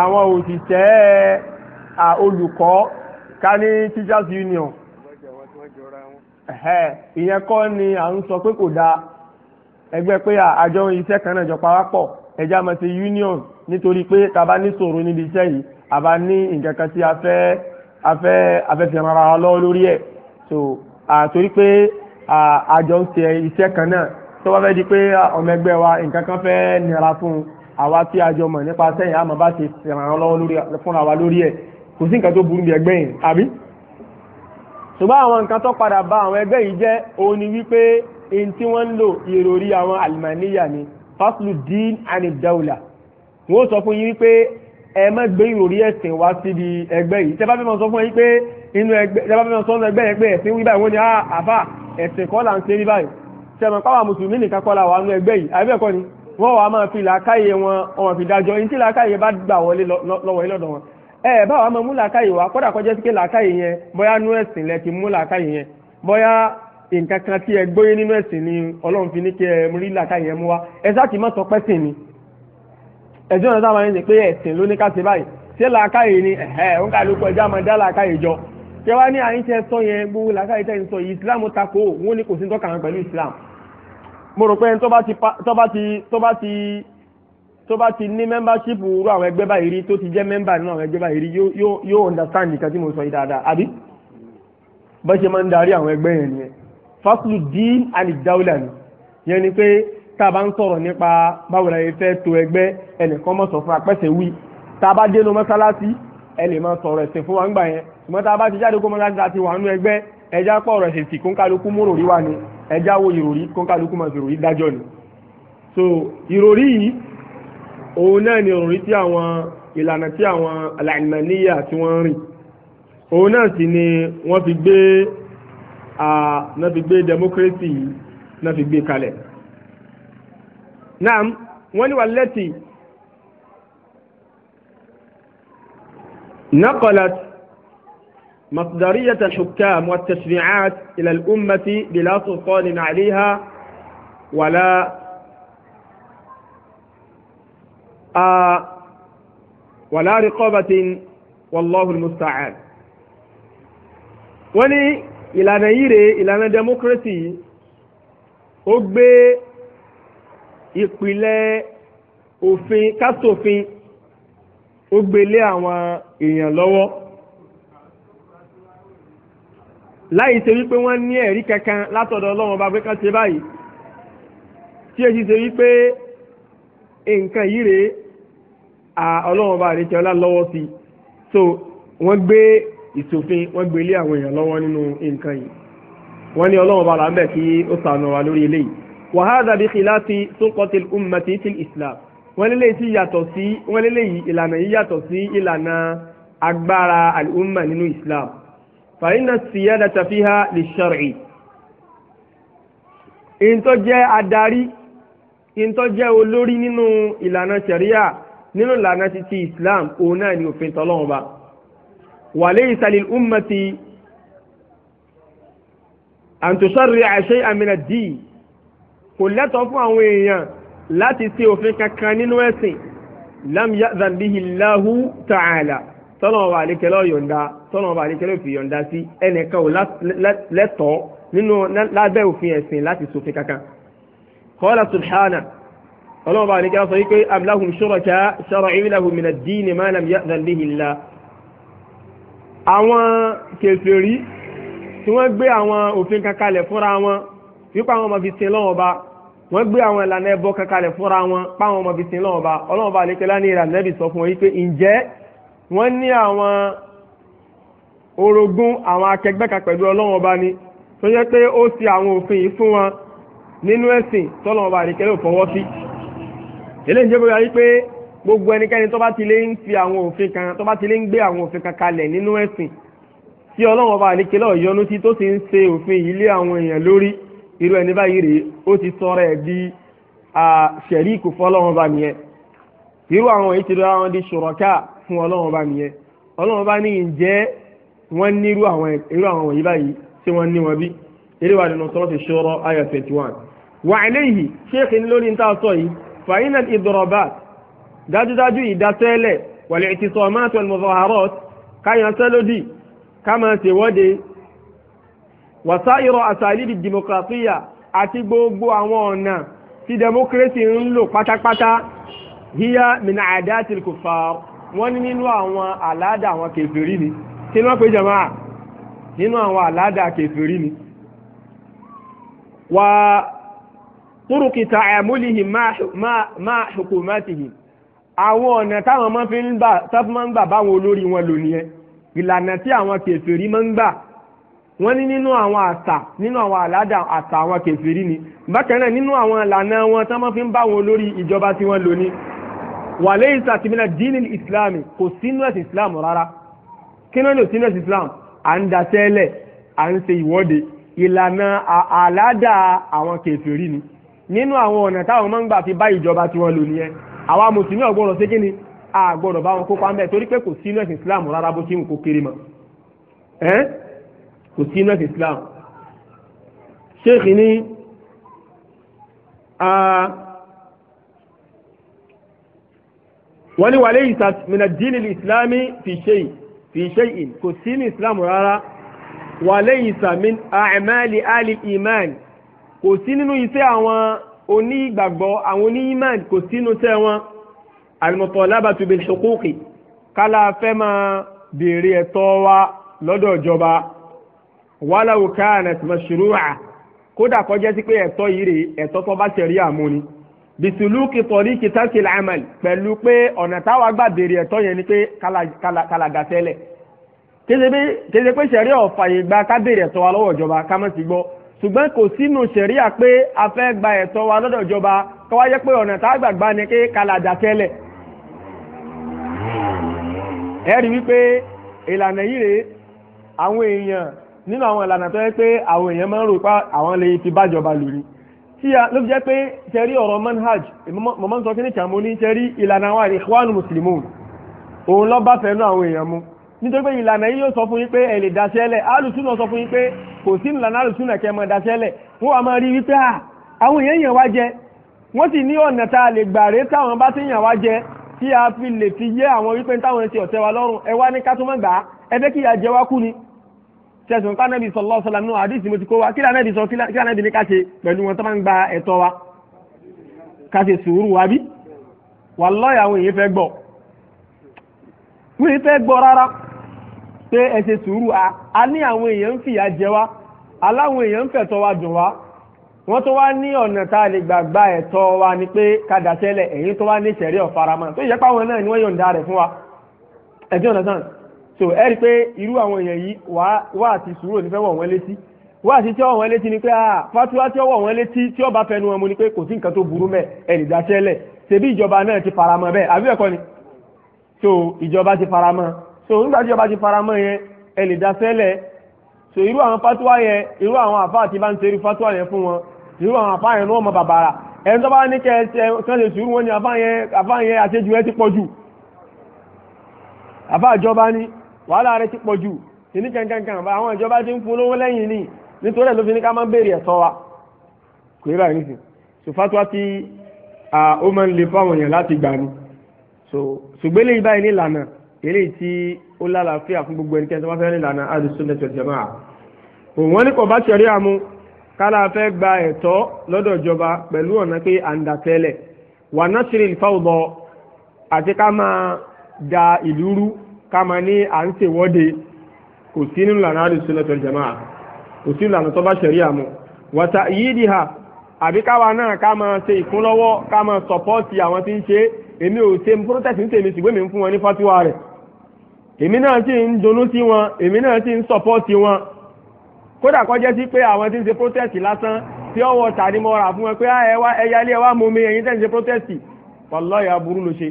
Speaker 1: àwọn òṣìṣẹ́ olùkọ́ ká ní teachers union ìyẹn kọ́ ni à ń sọ pé kò dáa ẹgbẹ́ pé àjọ iṣẹ́ kan náà jọ pawápọ̀ ẹja máa ṣe union nítorí pé tá a bá ní ṣòro níbi iṣẹ́ yìí a bá ní nǹkan kan tí a fẹ́ a fẹ́ a fẹ́ fi ara wa lọ́wọ́ lórí ẹ̀ so àtorí pé àjọ ń ṣe iṣẹ́ kan náà tó bá fẹ́ di pé ọmọ ẹgbẹ́ wa nǹkan kan fẹ́ nira fún un àwa tí a mọ̀ nípa sẹ́yìn àmọ́ bá ṣe fìràn lọ́wọ́ fúnra wa lórí ẹ̀ kò sí nǹkan tó burú bí ẹgbẹ́ yìí àbí ṣùgbọ́n àwọn nǹkan tó padà bá àwọn ẹgbẹ́ yìí jẹ́ òun ni wípé in tí wọ́n ń lò ìròrí àwọn alimaniya ni faslu din and dawla wọ́n sọ fún yín wípé ẹ má gbé ìròrí ẹ̀sìn wá síbi ẹgbẹ́ yìí tẹ́ bá fẹ́ mọ sọ fún yín pé inú ẹgbẹ́ tẹ́ bá fẹ́ mọ sọ fún ẹgbẹ́ yẹn wọ́n ni ah, àfà ẹ̀sìn kọ́ là ń ṣe ní báyìí tẹ̀mọ̀ pàwà mùsùlùmí nìkan kọ́ la wà nú ẹgbẹ́ yìí wàá máa fi làákàyè wọn wọn fi dájọ́ tí làákàyè bá gbà wọlé lọ́wọ́ yìí lọ́dọ̀ wọn ẹ báwa máa mú làákàyè wá kódà kọjá sí pé làákàyè yẹn bóyá nú ẹ̀sìn lẹ ti mú làákàyè yẹn bóyá nǹkan kan tí ẹ gbóyé nínú ẹ̀sìn ni ọlọ́run fi ní kí ẹ rí làákàyè yẹn mú wá ẹ sáà má sọ pẹ́ sìn ni ẹ̀sìn ọ̀nà táwọn ẹ̀sìn pé ẹ̀sìn ló ní ká ṣe báyìí ṣé làákàyè ni ẹ̀hẹ́ òun kà ló kọ ẹja máa dá làákàyè jọ ṣé wá ní àyín tẹ sọ yẹn gbogbo làákàyè tẹ ń islam takò wọn ní kò sí tọ́ka wọn pẹ̀lú tó bá ti ní membership irú àwọn ẹgbẹ́ báyìí rí tó ti jẹ́ member nínú àwọn ẹgbẹ́ báyìí rí yóò yóò understand nǹkan tí mo sọ yìí dáadáa àbí bó ṣe máa ń darí àwọn ẹgbẹ́ yẹn nìyẹn faslu din alidawla ni yẹn ni pé tá a bá ń sọ̀rọ̀ nípa báwo la yẹ fẹ́ to ẹgbẹ́ ẹnìkan mọ̀ sọ fún apẹ́sẹ̀ wí tá a bá dénú mọ́sálásí ẹ lè máa sọ̀rọ̀ ẹ̀sìn fún wa ńgbà yẹn ṣùgbọ́n tá a bá ti jáde kó mọ́sálásí àti wà nú ẹgbẹ́ ẹja pọ̀ ọ̀rọ̀ ẹ̀sìn tì kónkálukú múrò rí wa ni ẹja wo ìròrí kónkálukú máa fi ròrí dájọ́ ni so ìròrí yìí òun náà ni òrùn tí àwọn ìlànà tí àwọn alàìmọ̀níyà tí wọ́n ń rìn òun náà sì ni wọ́n fi gbé náà fi gbé democracy náà fi gbé kalẹ̀ náà wọ́n ní wà lẹ́tì نقلت مصدرية الحكام والتشريعات إلى الأمة بلا سلطان عليها ولا wàlá riqabatin wallahu almusta'an wọ́n ní ìlànà yìí rèé ìlànà democracy yìí ó gbé ìpìlẹ̀ òfin kásòfin ó gbé lé àwọn èèyàn lọ́wọ́ láì ṣe wípé wọ́n ní ẹ̀rí kankan látọ̀dọ̀ ọlọ́run ọba pé ṣe báyìí tí èyí ṣe wípé nǹkan yìí rèé ọlọ́wọ́n bá àdékẹ́ ọlá sí so wọ́n gbé ìṣòfin wọ́n gbé ilé àwọn èèyàn lọ́wọ́ nínú nǹkan yìí wọ́n ní ọlọ́wọ́n bá là ń bẹ̀ kí ó sànù wa lórí eléyìí wàhálà bí kìláàsì súnkọ́tì ummati til islam wọ́n lélẹ̀ yìí yàtọ̀ sí wọ́n lélẹ̀ yìí ìlànà yìí yàtọ̀ sí ìlànà agbára al-umma nínú islam fàyínà síyáda tàfíhà lè ṣàrì ìntọ́jẹ́ adarí ìntọ́jẹ́ olórí nínú ìlànà ṣàríà nínú ìlànà títí islam òun náà ni òfin tọ́lọ́run ba wàlẹ́ ìsàlẹ̀ ummati àǹtòsọ́rì àṣẹ àmìnà dì kò lẹ́tọ̀ọ́ fún àwọn èèyàn láti ṣe òfin kankan nínú ẹ̀sìn lam ya'zan bihi Allahu ta'ala tọ́lọ́run bá àlékẹ́lẹ́ yọ̀ǹda tọ́lọ́run bá àlékẹ́lẹ́ fi yọ̀ǹda sí ẹnìkan ò lẹ́tọ̀ọ́ nínú lábẹ́ òfin ẹ̀sìn láti ṣòfin kankan. qala subhana ọlọ́run bá nìkan sọ wípé am lahum shuraka shara'u lahum min ad-dini ma lam ya'dhan bihi Allah. àwọn kèfèrí tí wọ́n gbé àwọn òfin kankalẹ̀ fúnra wọn wípé àwọn ọmọ fi sin lọ́wọ́ ba wọ́n gbé àwọn ìlànà ẹbọ kankalẹ̀ fúnra wọn páwọn ọmọ fi sin lọ́wọ́ ba ọlọ́run bá nìkan lá ní ìlànà ẹbí sọ fún wọn wípé ǹjẹ́ wọ́n ní àwọn orogún àwọn akẹgbẹ́ kan pẹ̀lú ọlọ́run ọba ni tó yẹ pé ó ti àwọn òfin yìí fún wọn nínú ẹ̀sìn tọ́lọ́run ọba àdìkẹ́lẹ́ ò fọwọ́ sí eléyìí jẹ́ bóyá wípé gbogbo ẹnikẹ́ni tó bá ti lè ń fi àwọn òfin kan tó bá ti lè ń gbé àwọn òfin kan kalẹ̀ nínú ẹ̀sìn tí ọlọ́run ọba àníkélọ́ yọ́nú sí tó ti ń ṣe òfin yìí lé àwọn èèyàn lórí irú ẹni báyìí rèé ó ti sọ̀rọ̀ ẹ̀ di ṣẹ̀ríkù fún ọlọ́run ọba nìyẹn irú àwọn èyí ti rọ àwọn di ṣùrọ̀ká fún ọlọ́run ọba nìyẹn ọlọ́run ọba ní ǹjẹ́ wọ́n ní irú àwọn irú àwọn wọ̀nyí báyìí tí wọ́n ní wọn bí twenty one wà eléyìí ṣéèkì ní lórí fàyínà ìdọ̀rọ̀bà dájúdájú ìdásẹ́lẹ̀ wàlẹ̀ ìtìsọ̀ mọ́tò mọ̀fọ́hárọ́t káyàn sẹ́lódì káma ṣèwọ́de wàsá ìrọ̀ àṣàlíbi dìmọ̀kìràtíyà àti gbogbo àwọn ọ̀nà tí democracy ń lò pátápátá hiya min àdáàtì kùfàr wọ́n ní nínú àwọn àládà àwọn kèfèrí ni kí ni wọ́n pe jàmáà nínú àwọn àládà kèfèrí ni. wàá turuki ta'amulihim máa hukumatihim àwọn ọ̀nà táwọn máa fi ń gbà táwọn máa ń gbà báwọn olórí wọn lò nìyẹn ìlànà tí àwọn kèfèrí máa ń gbà wọ́n ní nínú àwọn àṣà nínú àwọn àládà àṣà àwọn kèfèrí ni bákan náà nínú àwọn ìlànà wọn táwọn máa fi ń bá wọn olórí ìjọba tí wọ́n lò ní wàlẹ́ ìsàtìmílẹ̀ dínì ìsìláàmù kò sínú ẹ̀sìn ìsìláàmù rárá kí ló ń lò sínú ẹ̀sìn ìsìláàmù à ń daṣẹ́lẹ̀ à ń ṣe ìwọ́de ìlànà àládà nínú àwọn ọ̀nà táwọn máa ń gbà fi bá ìjọba tiwọn lò nìyẹn àwa mùsùlùmí ọ̀gbọ́dọ̀ ṣé kíni a gbọ́dọ̀ bá wọn kópa ńbẹ torí pé kò sí nọ́ọ̀sì islam rárá bó ṣe ń kó kiri mọ́ ẹ́ kò sí nọ́ọ̀sì islam sheikh ni wọ́n ní wàlẹ́ ìsàmìnà dínì ìsìlámì fi ṣe fi ṣe in kò sí ní islam rárá wàlẹ́ ìsàmìn àmàlì àlì ìmáàlì kò sí nínú iṣẹ́ àwọn onígbàgbọ́ àwọn oníyimán kò sí nínú iṣẹ́ wọn al-mutalabatu bil huquqi kálá fẹ́ máa béèrè ẹ̀tọ́ wa lọ́dọ̀ ìjọba walaw kanat mashru'a kódà kọjá sí pé ẹ̀tọ́ yìí rèé ẹ̀tọ́ tó bá ṣẹ̀rí àmú ni bisuluki tọ̀ríkì tarkil amal pẹ̀lú pé ọ̀nà táwa gbà béèrè ẹ̀tọ́ yẹn ni pé kàlàdà tẹ́lẹ̀ kéde pé ṣẹ̀rí ọ̀fàyè gba ká ẹ̀tọ́ wa lọ́wọ́ ìjọba ká má sì gbọ́ ṣùgbọ́n kò sínú ṣẹ̀ríà pé a fẹ́ gba ẹ̀tọ́ wa lọ́dọ̀ ìjọba kó wá jẹ́ pé ọ̀nà tá a gbàgbá ni pé kàlàdà tẹ́lẹ̀ ẹ rí wípé ìlànà yìí rèé àwọn èèyàn nínú àwọn ìlànà tó yẹ pé àwọn èèyàn máa ń rò pé àwọn lè fi bájọba lò ní tí a ló fi jẹ́ pé ṣẹ̀rí ọ̀rọ̀ manhaj mọ̀mọ́ sọ kí ní kàmú ní ṣẹ̀rí ìlànà àwọn àríkọ́wánu mùsùlùmí òun lọ́ bá fẹ́ nú àwọn èèyàn mu nítorí pé ìlànà yìí yóò sọ fún yín pé ẹ lè daṣẹ́ lẹ̀ alùsùn náà sọ fún yín pé kò sí ìlànà alùsùn náà kẹ́ mọ daṣẹ́ lẹ̀ wọ́n wà máa rí wípé à àwọn èèyàn yàn wá jẹ wọ́n sì ní ọ̀nà tá a lè gbà ré táwọn bá ti yàn wá jẹ tí a fi lè fi yé àwọn wípé táwọn ti ọ̀tẹ̀ wa lọ́rùn ẹ wá ní ká tó má gbà á ẹ fẹ́ kí ìyà jẹ wá kú ni sẹ̀sùn ká nẹ́bi sallallahu alaihi wasallam nínú àdìsí mo ti kó wa kí lànà ìbí sọ kí lànà ìbí ní ká ṣe pẹ̀lú wọn tó máa ń gba ẹ̀tọ́ wa ká ṣe sùúrù wa bí wàlláhì àwọn èèyàn fẹ́ gbọ́ wọ́n fẹ́ gbọ́ rárá pé ẹ ṣe sùúrù a a ní àwọn èèyàn ń fìyà jẹ wá aláwọn èèyàn ń fẹ̀tọ́ wa dùn wá wọ́n tó wá ní ọ̀nà tá a lè gbàgbà ẹ̀tọ́ wa ni pé kàdà sẹ́lẹ̀ ẹ̀yìn tó wá ní ìṣẹ̀rí ọ̀faramọ́ tó yẹ páwọn náà ni wọ́n yọ̀ǹda rẹ̀ fún wa ẹ̀jẹ̀ ọ̀nà tán so ẹ rí i pé irú àwọn èèyàn yìí wá àti sùúrù òní wọ̀ wọ́n létí wá àti tí ó wọ̀ wọ́n létí ni pé ah, fatuwa tí ó wọ̀ wọ́n létí tí ó bá fẹnu wọn mu ni pé kò sí nǹkan tó burú mẹ́ ẹ̀rì dáṣẹ́lẹ̀ ṣebí ìjọba náà ti faramọ́ bẹ́ẹ̀ àbí ẹ̀kọ́ ni so ìjọba ti faramọ́ so nígbà tí ọba ti faramọ́ yẹn ẹ lè dá sẹ́lẹ̀ so irú àwọn fatuwa yẹn irú àwọn àfa àti bá ń ṣe irú fatuwa yẹn fún wọn irú àwọn àfa yẹn ní wọn mọ bàbàrà ẹni tó bá ní kẹ ẹ sẹ́n lè sùúrù wọn ni àfa yẹn àfa yẹn àṣejù ẹ ti pọ̀ jù àfa ìjọba ni wàhálà rẹ ti pọ̀ jù ìní kankankan àwọn ìjọba ti ń fún lówó lẹ́yìn ni nítorí ẹ̀ ló fi ní ká máa béèrè ẹ̀tọ́ wa kò yẹ báyìí nìsín so fatuwa ti ó máa ń le fáwọn èèyàn láti gbà ni so ṣùgbẹ́lẹ̀ ìbáyìí ní ìlànà eléyìí tí ó fi fún gbogbo ẹnikẹ́ni tó bá fẹ́ rìn lànà al-sunnah wal òun wọn ní kò bá ṣẹ̀rí gba ẹ̀tọ́ lọ́dọ̀ ìjọba pẹ̀lú ọ̀nà pé àǹdàtẹ́lẹ̀ wà násìrì ìfáwùbọ̀ àti ká máa da ìlú rú ká máa ní à ń ṣèwọ́de kò sí nínú kò sí tó bá ha àbí káwa náà ká máa ṣe ká máa sọ̀pọ́ọ̀tì àwọn tí ń ṣe èmi ò ṣe protest ń tèmi èmi náà ti ń dunnú sí wọn èmi náà ti ń sọpọ́ọ̀tì wọn kódà kó sí pé àwọn ti ń ṣe protest lásán tí ọwọ́ ta ni mo fún wọn pé ah, ẹ̀yà ilé ẹ mú mi ẹ̀yin tẹ̀ protest wallahi aburú ló ṣe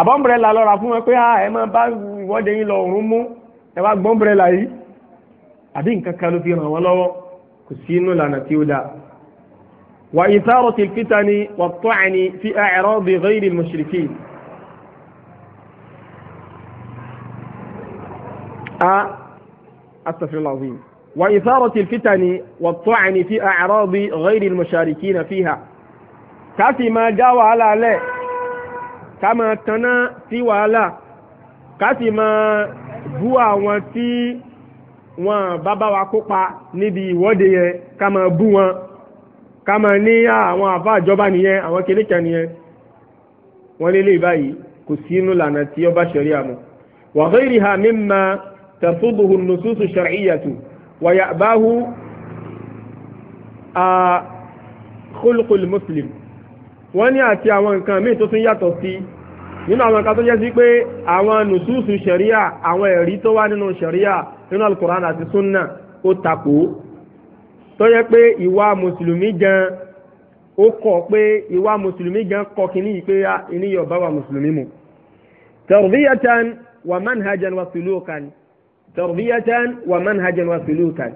Speaker 1: àbọ̀mbrẹ́là lọ́ra fún wọn pé ah, ẹ máa bá ìwọ́de yín lọ òórùn mú ẹ wá gbọ́mbrẹ́là yìí àbí nǹkan kan ló fi ràn wọ́n lọ́wọ́ kò sí inú ìlànà tí ó dáa wà ìtàrọ̀tì fìtà ni wà tó àní fi a'radi ghayril mushrikin a astaghfirullah azim wa isarati alfitani wa ta'ani fi a'radi ghayri almusharikin fiha ká sì máa dá wàhálà lẹ̀ ká máa taná sí wàhálà ká sì máa bú àwọn tí wọn bá bá wa kópa níbi ìwọ́de yẹn ká máa bú wọn ká máa ní àwọn àfa nìyẹn àwọn kérékè nìyẹn wọn lé lè báyìí kò sí inú lànà tí ọba ṣẹlẹ̀ àmọ́ wa ghayriha mimma تفضه النصوص الشرعية ويأباه خلق المسلم wọ́n ní àti àwọn nǹkan míì tó tún yàtọ̀ sí nínú àwọn nǹkan tó jẹ́ sí pé àwọn nùsùsù ṣẹ̀ríà àwọn ẹ̀rí tó wá nínú ṣẹ̀ríà nínú alukoran àti sunna ó takò tó yẹ pé ìwà mùsùlùmí gan ó kọ̀ pé ìwà mùsùlùmí gan kọ̀ kínní yìí pé ah, ìníyọ̀ bá wà mùsùlùmí mu. tarbiyatan wa manhajan wa sulukan tarbiyatan wa manhajan wa sulukan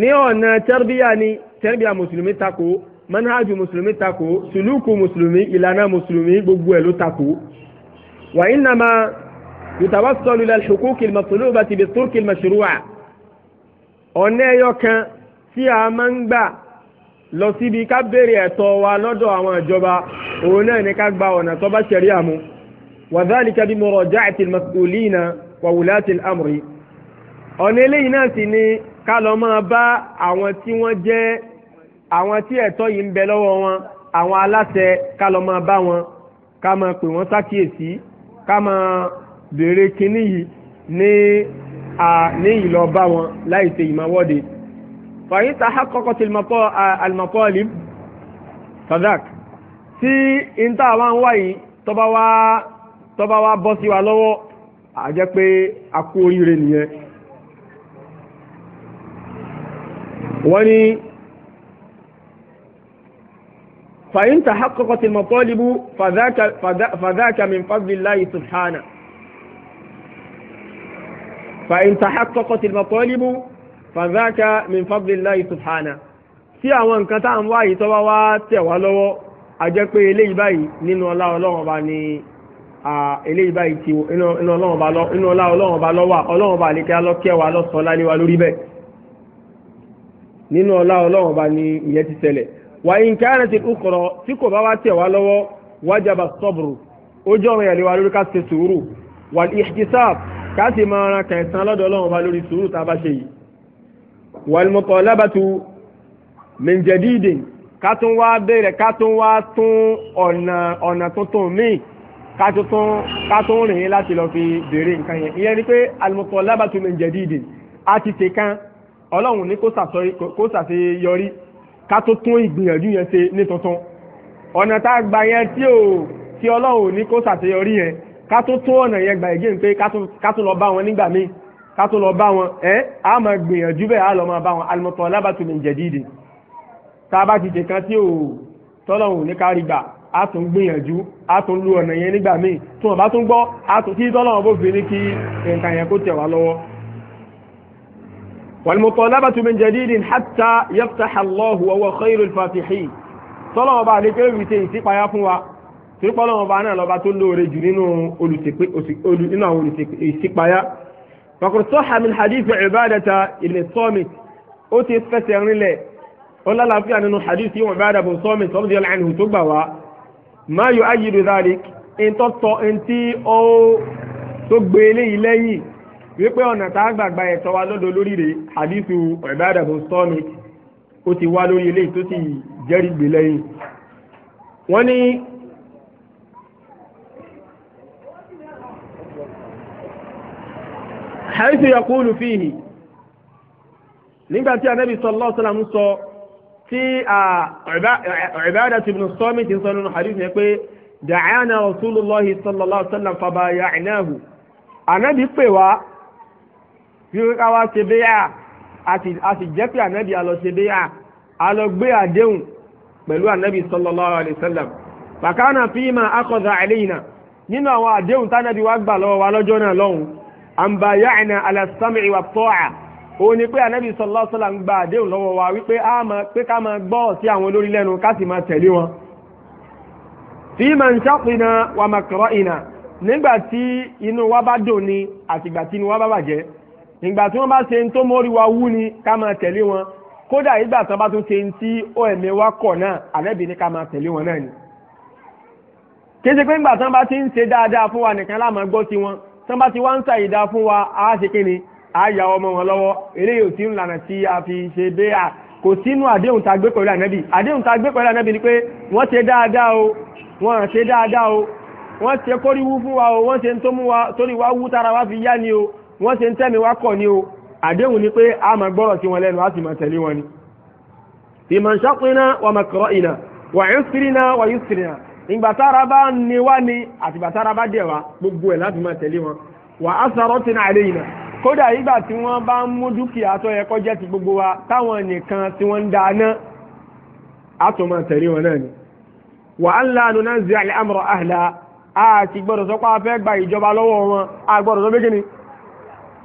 Speaker 1: ní ọ̀nà tarbiya ni tarbiya mùsùlùmí tako manhaju mùsùlùmí tako suluku mùsùlùmí ìlànà mùsùlùmí gbogbo ẹ̀ ló tako wa innama yutawassalu ila al-huquq al-matlubati bi-turuq al-mashru'a ọ̀nà ẹyọ kan tí a máa ń gbà lọ síbi ká béèrè wa lọ́dọ̀ àwọn ìjọba òun náà ní gba ọ̀nà tó bá ṣẹ̀ríà mu wa dhalika bi muraja'ati al wàwùláàtì amri ọ̀nà eléyìí náà sì ni ká lọ máa bá àwọn tí wọ́n jẹ́ àwọn tí ẹ̀tọ́ yìí ń bẹ lọ́wọ́ wọn àwọn aláṣẹ ká lọ máa bá wọn ká máa pè wọ́n sákìyèsí ká máa béèrè kínní yìí ní ní ìlọ bá wọn láì ṣe ìmọ̀wọ́de fàyín ta kọ́kọ́ ti àlùmọ̀pọ̀ ọ̀lìm sadak tí ìta àwọn tọ́ba wá tọ́ba wá bọ́ sí wa lọ́wọ́ a jẹ́ pé a kú oríire nìyẹn wọ́n ní fàyín tà hákọ́kọ́ tí mọ̀ pọ́líbù fàdákà min fadlillahi subhana fàyín tà hákọ́kọ́ tí mọ̀ pọ́líbù fàdákà min fadlillahi subhana tí àwọn nǹkan tá à ń wáyìí tó wá tẹ̀ lọ́wọ́ a pé eléyìí báyìí nínú ọlá ọlọ́run ọba ni eléyìí báyìí ti inú ọlọ́run bá lọ inú ọlá ọlọ́run bá lọ́wọ́ ọlọ́run bá àlékè alọ́kẹ́ wa lọ́sọ̀ọ́ láyé wa lórí bẹ́ẹ̀ nínú ọlá ọlọ́run bá ní ìyẹn ti ṣẹlẹ̀ wà á nǹkan ẹ̀rẹ́ ti kúkọ̀rọ̀ tí kò bá wá tẹ̀ wá lọ́wọ́ wájàbà sọ́bùrù ojú ọ̀rọ̀ yẹn wa lórí ká ṣe sùúrù wà á ihtisab ká sì máa ran kẹsàn-án lọ́dọ̀ ọlọ́run bá lórí sùúrù tá a bá ṣe yìí wà á mutalabatu min jadidin ká tún wá bẹ̀rẹ̀ ká tún wá tún ọ̀nà tuntun míì ká tó rìn láti lọ fi béèrè nǹkan yẹn ìyẹn ni pé al-mutalabatu min jadidin a ti tè kan ọlọ́run ní kó ṣàṣeyọrí ká tó tún ìgbìyànjú yẹn ṣe ní tuntun ọ̀nà tá a gbà yẹn tí ò tí ọlọ́run ní kó ṣàṣeyọrí yẹn ká tó tún ọ̀nà yẹn gbà yẹn pé ká tó lọ bá wọn nígbà míì ká tó lọ bá wọn ẹ á máa gbìyànjú bẹ́ẹ̀ á lọ máa bá wọn al-mutalabatu min jadidin tá a bá ti tè kan tí ò tọ́lọ́run ní ká rí gbà a tún gbìyànjú a tún lu ọ̀nà yẹn nígbà míì tí wọ́n bá tún gbọ́ a tún kí tọ́lọ́wọ́n bó fi ní kí nǹkan yẹn kó tẹ̀ wá lọ́wọ́. والمطالبة من جديد حتى يفتح الله وهو خير الفاتحين tọ́lọ́wọ́n bá ní kéwì ṣe ìṣípayá fún wa torí pọ́lọ́wọ́n bá náà lọ́ba tó lóore jù nínú àwọn olùṣípayá. فقد صح من حديث عبادة بن الصامت ó ti fẹsẹ̀ rinlẹ̀ ó lálàáfíà nínú hadith yìí Ubadah bun Samit radiyallahu anhu tó gbà wá ma yu'ayyidu dhalik ìtọ́tọ́ ntí ó tó gbé eléyìí lẹ́yìn wípé ọ̀nà tá a gbàgbà ẹ̀tọ́ wa lọ́dọ̀ lórí rẹ̀ hadithu Ubadah bin Samit ó ti wá lórí eléyìí tó sì jẹ́rìí gbé lẹ́yìn. wọ́n ní haythu yaqulu fihi nígbà tí anabi sallallahu alaihi wasallam sọ tí Ubadatu ibn Samit ti sọ nínú hadith yẹn pé da'ana rasulullahi sallallahu alaihi wasallam fabaya'nahu ànábì pè wá bí wọ́n ká wá ṣe béyà a sì jẹ́ pé ànábì a lọ ṣe béyà a lọ gbé àdéhùn pẹ̀lú ànábì sallallahu alaihi wasallam bàkánà fíìmà akọ̀dà àlẹ́yìnà nínú àwọn àdéhùn tánàbí wá gbà lọ́wọ́ wa lọ́jọ́ náà lọ́hùn òun ni pé anabi sallallahu alaihi wasallam ń gba àdéhùn lọ́wọ́ wa wípé a máa pé ká máa gbọ́ sí àwọn olórí lẹ́nu ká sì máa tẹ̀lé wọn. fi manshaqina wa makra'ina nígbà tí inú wa bá dùn ni àtìgbà tí inú wa bá bàjẹ́ ìgbà tí wọ́n bá ṣe ń tó mórí wa wú ni ká máa tẹ̀lé wọn kódà ìgbà tí wọ́n bá tún ṣe ń tí ó ẹ̀mí wa kọ̀ náà àlẹ́bí ni ká máa tẹ̀lé wọn náà ni. kí pé ìgbà tí wọ́n bá ti ń ṣe dáadáa fún wa nìkan la máa gbọ́ sí wọn tí wọ́n bá ti wá ń ṣàyè dáa fún wa á ṣe kí á ọmọ wọn lọ́wọ́ eléyìí ò ń lànà tí a fi ṣe béyà kò sínú àdéhùn tá a gbé pẹ̀lú ànábì àdéhùn tá a gbé pẹ̀lú ànábì ni pé wọ́n ṣe dáadáa o wọ́n ṣe dáadáa o wọ́n ṣe kóríwú fún o wọ́n ṣe ń tó mú wa torí wú fi yá ni o wọ́n ṣe ń kọ̀ o àdéhùn ni pé a máa gbọ́rọ̀ sí wọn lẹ́nu a sì máa tẹ̀lé wọn ni. kódà ìgbà tí wọ́n bá ń mú dúkìá tó yẹ kó jẹ́ ti gbogbo wa táwọn nìkan tí wọ́n ń dáná àtúmọ̀ tẹ̀lé wọn náà ni wà á ń la ànú náà zi àlẹ́ àmọ̀rọ̀ àhìlá a ti gbọ́dọ̀ sọ pé a fẹ́ gba ìjọba lọ́wọ́ wọn a gbọ́dọ̀ sọ pé ni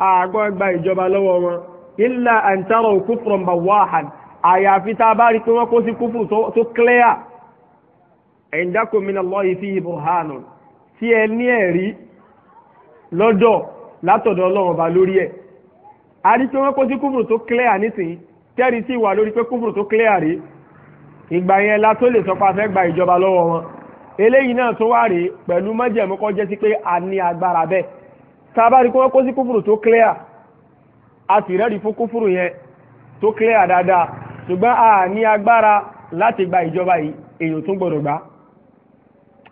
Speaker 1: a gbọ́dọ̀ gba ìjọba lọ́wọ́ wọn illa àǹtarọ̀ kúfùrọ̀ mbà wáhàn àyàfi tá a bá rí pé wọ́n kó sí kúfùrù tó clear ẹ̀ńdàkùnmí náà lọ́ọ́ yìí fi ìbò hànú lọ́dọ̀ látọ̀dọ̀ ọlọ́run ọba lórí ẹ̀ a rí pé wọ́n kó sí kúfùrù tó clear nísìnyí tẹ́rì sí wà lórí pé kúfùrù tó clear rí ìgbà yẹn la tó lè sọ pé a fẹ́ gba ìjọba lọ́wọ́ wọn eléyìí náà tó wà rí pẹ̀lú májẹ̀mú kó jẹ́ sí pé a ní agbára bẹ́ẹ̀ tá a bá rí pé wọ́n kó sí kúfùrù tó clear a sì rẹ́rìí fún kúfùrù yẹn tó clear dáadáa ṣùgbọ́n a ní agbára láti gba ìjọba yìí èèyàn tún gbọ́dọ̀ gbà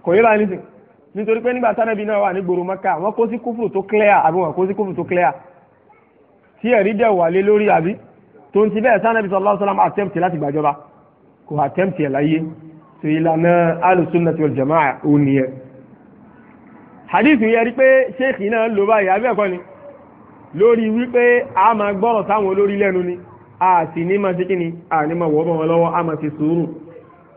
Speaker 1: kò yẹ bá nísìnyí nítorí pé nígbà tánàbí náà wà ní gbòòrò maka wọn kó sí kúfùrù tó clear àbí wọn kó sí kúfùrù tó clear tí ẹ̀rí dẹ̀ wà lé lórí àbí tó ń ti bẹ́ẹ̀ tánàbí sallallahu alaihi wasallam attempt láti gbàjọba kò attempt ẹ̀ láyé tó ìlànà alùsùnàtì wal jamaa ò nìyẹn. hadith yẹn rí pé sheikh náà ló báyìí àbí ẹ̀kọ́ ni lórí wípé a máa gbọ́rọ̀ sáwọn olórí lẹ́nu ni a sì ní máa ṣe kí ni a ní máa wọ́ bọ́ wọn lọ́wọ́ a máa ti sùúrù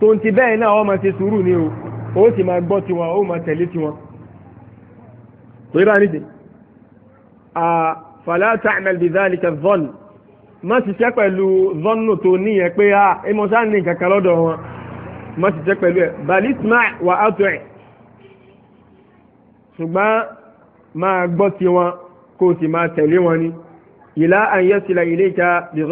Speaker 1: tó ń ti bẹ́ẹ̀ náà wọ́n máa ṣe sùúrù ni o ó sì máa gbọ́ tiwọn ó máa tẹ̀lé tiwọn. kò yẹ bá nídìí. fala ta'mal bi dhalika dhann má ṣiṣẹ́ pẹ̀lú dhannu tó níyẹn pé a ìmọ̀sá ní kankan lọ́dọ̀ wọn má ṣiṣẹ́ pẹ̀lú ẹ̀ balisma wa ati' ṣùgbọ́n máa gbọ́ tiwọn kó o sì máa tẹ̀lé wọn ni ila an yasila ilayka bi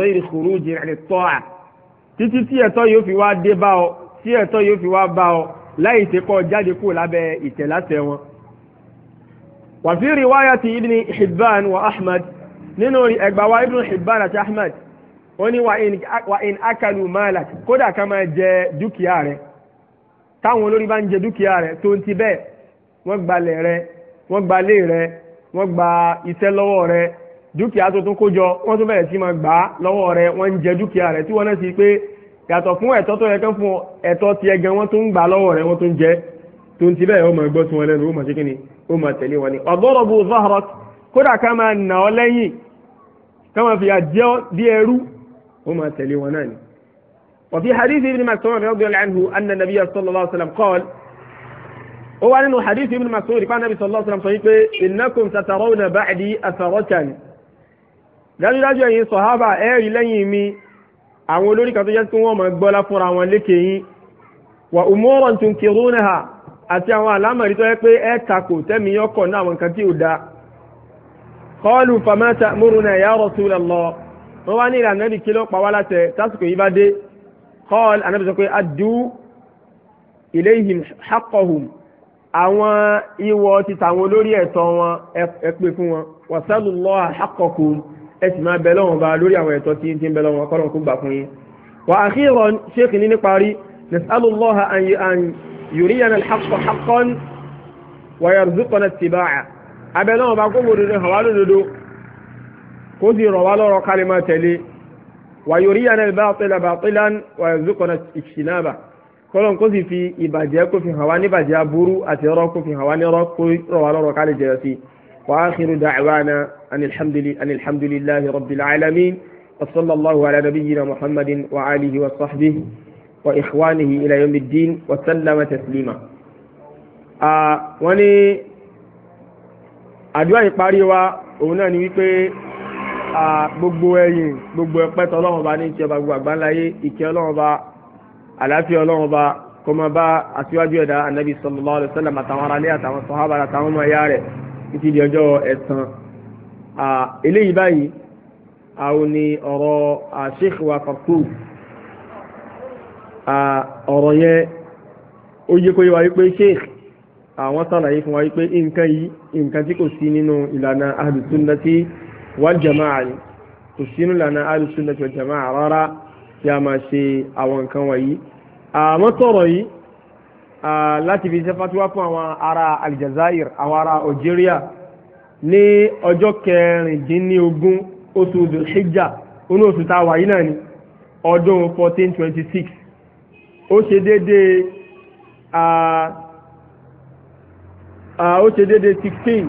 Speaker 1: títí tí ẹ̀tọ́ yóò fi wá dé bá ọ tí ẹ̀tọ́ yóò fi wá bá ọ láì ṣe kọ́ jáde kúrò lábẹ́ ìtẹ̀láṣẹ wọn. wa fi riwayati ibn hibban wa ahmad nínú ẹgbàá wa ibn hibban àti ahmad ó ní wa in akalu malak kódà ká máa jẹ dúkìá rẹ táwọn olórí bá ń jẹ dúkìá rẹ tó ń ti bẹ́ẹ̀ wọ́n gbalẹ̀ rẹ wọ́n gbalé rẹ wọ́n gba iṣẹ́ lọ́wọ́ rẹ dúkìá tó tún kó jọ wọ́n tún bẹ̀rẹ̀ sí máa gbà á lọ́wọ́ rẹ̀ wọ́n ń jẹ dúkìá rẹ̀ tí wọ́n náà sì pé yàtọ̀ fún ẹ̀tọ́ tó yẹ kán fún ẹ̀tọ́ tiẹ̀ gan wọ́n tún ń gbà lọ́wọ́ rẹ̀ wọ́n tún jẹ tó ń ti bẹ́ẹ̀ ó máa gbọ́ tí wọ́n lẹ́nu ó máa ṣe kíni ó máa tẹ̀lé wọn ni ọ̀dọ́rọ̀ bu zahrak kódà ká máa nà ọ́ lẹ́yìn ká máa fi àjẹ́ ọ́ ẹrú ó máa tẹ̀lé wọn náà ni. وفي حديث ابن مسعود رضي الله عنه أن النبي صلى الله عليه وسلم قال هو أنه حديث ابن مسعود قال النبي صلى الله عليه وسلم إنكم سترون بعدي أثرة dájúdájú ẹ̀yin sọ̀hábà ẹ̀rí lẹ́yìn mi àwọn olórí kan tó jẹ́ kí wọ́n máa gbọ́lá fúnra wọn lékè yín wà umuran tunkirunaha àti àwọn àlámọ̀rí tó yẹ pé ẹ̀ takò tẹ́mi yọkọ̀ náà àwọn nǹkan tí ò da qalu fama ta'muruna ya rasulallah wọ́n wá ní ìlànà ìdí kí ló pa wá látẹ tásìkò yìí bá dé qal anábì sọ pé addu ilayhim haqqahum àwọn ìwọ ti tàwọn olórí ẹ̀tọ́ wọn ẹ pè fún wọn wasalullah haqqakum ẹ sì máa bẹ lọ́wọ́n ba lórí àwọn ẹ̀tọ́ tí ń ti ń bẹ lọ́wọ́n kọ́ lọ́wọ́n kó gbà fún yín. wà á kí rọ ṣéèkì ní níparí nasalullaha an yuriyana alhaqqa haqqan wa yarzuqana ittiba'a abẹ lọ́wọ́n ba kó wo dodo hàn wá lódodo kó sì rọ̀ wá lọ́rọ̀ kálí máa tẹ̀lé wa yuriyana albatila batilan wa yarzuqana ijtinaba kọlọ́n kó sì fi ìbàjẹ́ kó fi hàn wá níbàjẹ́ aburú àti ọ̀rọ̀ kó fi hàn wá ní ọ̀rọ̀ kó rọ̀ wá lọ́rọ̀ kálí jẹ́ sí وآخر دعوانا أن الحمد, أن الحمد لله رب العالمين وصلى الله على نبينا محمد وآله وصحبه وإخوانه إلى يوم الدين وسلم تسليما آه وني àdúrà ìparí wa òun náà ni wípé gbogbo ẹ̀yìn gbogbo ẹpẹ tọ Ọlọ́run ba ní ti ọba gbogbo àgbáńláyé ìkẹ́ Ọlọ́run ba àlàáfíà Ọlọ́run ba kó máa bá aṣíwájú ẹ̀dá anabi sallallahu alaihi wasallam àtàwọn aráalé àtàwọn sọhábà àtàwọn ọmọ ẹ̀yà rẹ̀ títí di ọjọ́ ẹ̀san eléyìí báyìí àwọn ni ọ̀rọ̀ Sheikh wa Khartoum ọ̀rọ̀ yẹn ó yẹ kó yẹ wá wípé Sheikh àwọn sàlàyé fún wa wípé nǹkan yìí nǹkan tí kò sí nínú ìlànà Ahlus Sunnati wal Jama'a ni kò sí nínú ìlànà Ahlus Sunnati wal Jama'a rárá kí a máa ṣe àwọn nǹkan wọ̀nyí àmọ́ tọ̀rọ̀ yìí Ah, láti fi ṣe fatiwa fún àwọn ará aljazair àwọn ará algeria ní ọjọ́ kẹrìndínlógún oṣù dhulhijja onú oṣù tá a wà yìí náà ni ọdún fourteen twenty six ó ṣe déédéé ah, ah, ó ṣe déédéé sixteen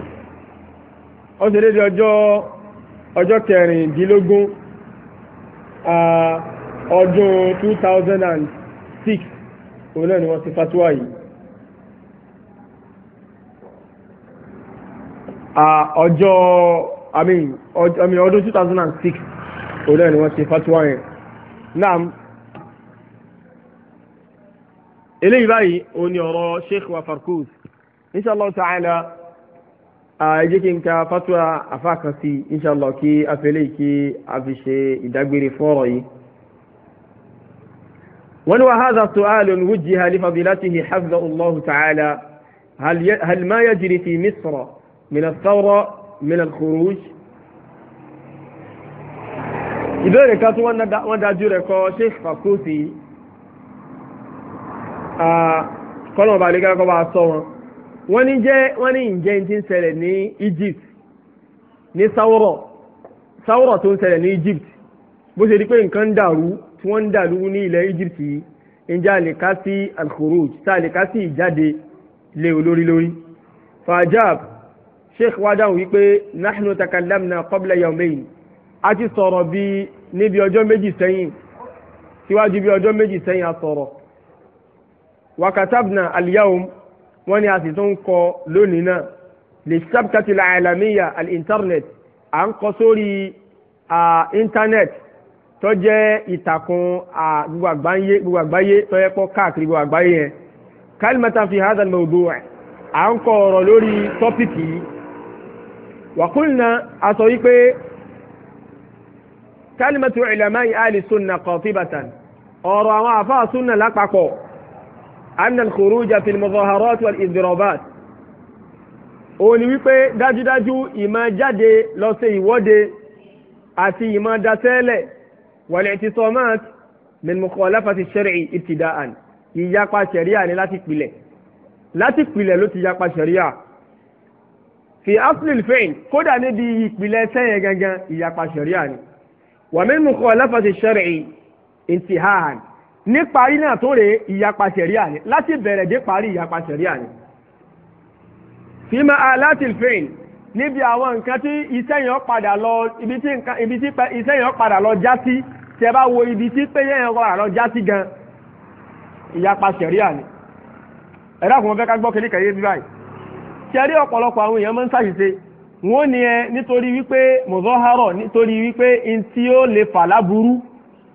Speaker 1: ó ṣe déédéé ọjọ́ ọjọ́ kẹrìndínlógún ọdún two thousand and six òun náà ni wọ́n ti fatuwa yìí. ọjọ́ àmì ọdún two thousand and six òun náà ni wọ́n ti fatuwa yẹn. náà eléyìí báyìí òun ni ọ̀rọ̀ sheikh wa Farkuz inshallah ta'ala ẹ kí n ka fatuwa afa kan sí inshallah kí afẹ́lẹ́ kí a fi ṣe ìdágbére fún ọ̀rọ̀ yìí wọ́n ní wa hadha su'alun wujjiha li fadilatihi hafidhahu allah ta'ala hal ma yajri fi misra min ath-thawra min al-khuruj. ìbéèrè kan tí wọ́n dájú rẹ̀ kọ sheikh fakusi kọ́nà ọba àlekẹ́ kọ́ bá sọ wọn wọ́n ní jẹ́ wọ́n ní ǹjẹ́ ti ń ṣẹlẹ̀ ní Egypt ní sáwọ́rọ̀ sáwọ́rọ̀ tó ń ṣẹlẹ̀ ní Egypt bó ṣe di pé nǹkan dàrú tí wọ́n ń dà lúrú ní ilẹ̀ Egypt yìí ǹjẹ́ a lè ká sí al-khuruj tá a lè ká sí ìjáde lé olórí lórí. fajab sheikh wadan wípé nahnu takalamna qabla yawmayn a ti sọ̀rọ̀ bí níbi ọjọ́ méjì sẹ́yìn síwájú bí ọjọ́ méjì sẹ́yìn a sọ̀rọ̀ wakatabna al wọ́n ní a sì tún kọ lónìí náà lè sábkàtì làálàmíyà al-internet à ń kọ sórí internet tó jẹ́ ìtàkùn gbogbo àgbáyé gbogbo àgbáyé tó yẹ kó káàkiri gbogbo àgbáyé yẹn kalimatan fi hadha al-mawdu' à ń kọ ọ̀rọ̀ lórí tọ́pìkì yìí wàkúlnà a sọ wípé kalimatu ulama'i ahli sunna qatibatan ọ̀rọ̀ àwọn àfáà sunna lápapọ̀ anna al-khuruja fi al-mudaharat wal-izdirabat òun ni wípé dájúdájú ìmọ̀ jáde lọ ìwọ́de àti ìmọ̀ dasẹ́lẹ̀ والاعتصامات من مخالفة الشرع ابتداء ìyapa ṣẹ̀ríà ni láti pilẹ̀ láti pilẹ̀ ló ti yapa ṣẹ̀ríà fi aslil fain kódà níbi ìpìlẹ̀ sẹ́yìn gangan ìyapa ṣẹ̀ríà ni wa min mukhalafati shar'i intihahan ní parí náà tó rè ìyapa ṣẹ̀ríà ni láti bẹ̀rẹ̀ dé parí ìyapa ṣẹ̀ríà ni fi ma alatil fain níbi àwọn nǹkan tí iṣẹ́ yẹn padà lọ ibi tí iṣẹ́ yẹn padà lọ já sí tẹ bá wo ibi tí pé yẹn ọkọ àlọ já sí gan ìyapa sẹríà ni ẹ̀dá kò mọ fẹ́ ká gbọ́ kékeré kẹyẹ bí báyìí sẹrí ọ̀pọ̀lọpọ̀ àwọn èèyàn máa ń ṣàṣìṣe wọn ò ní ẹ nítorí wípé mọ̀zọ́hárọ̀ nítorí wípé n tí ó lè fà láburú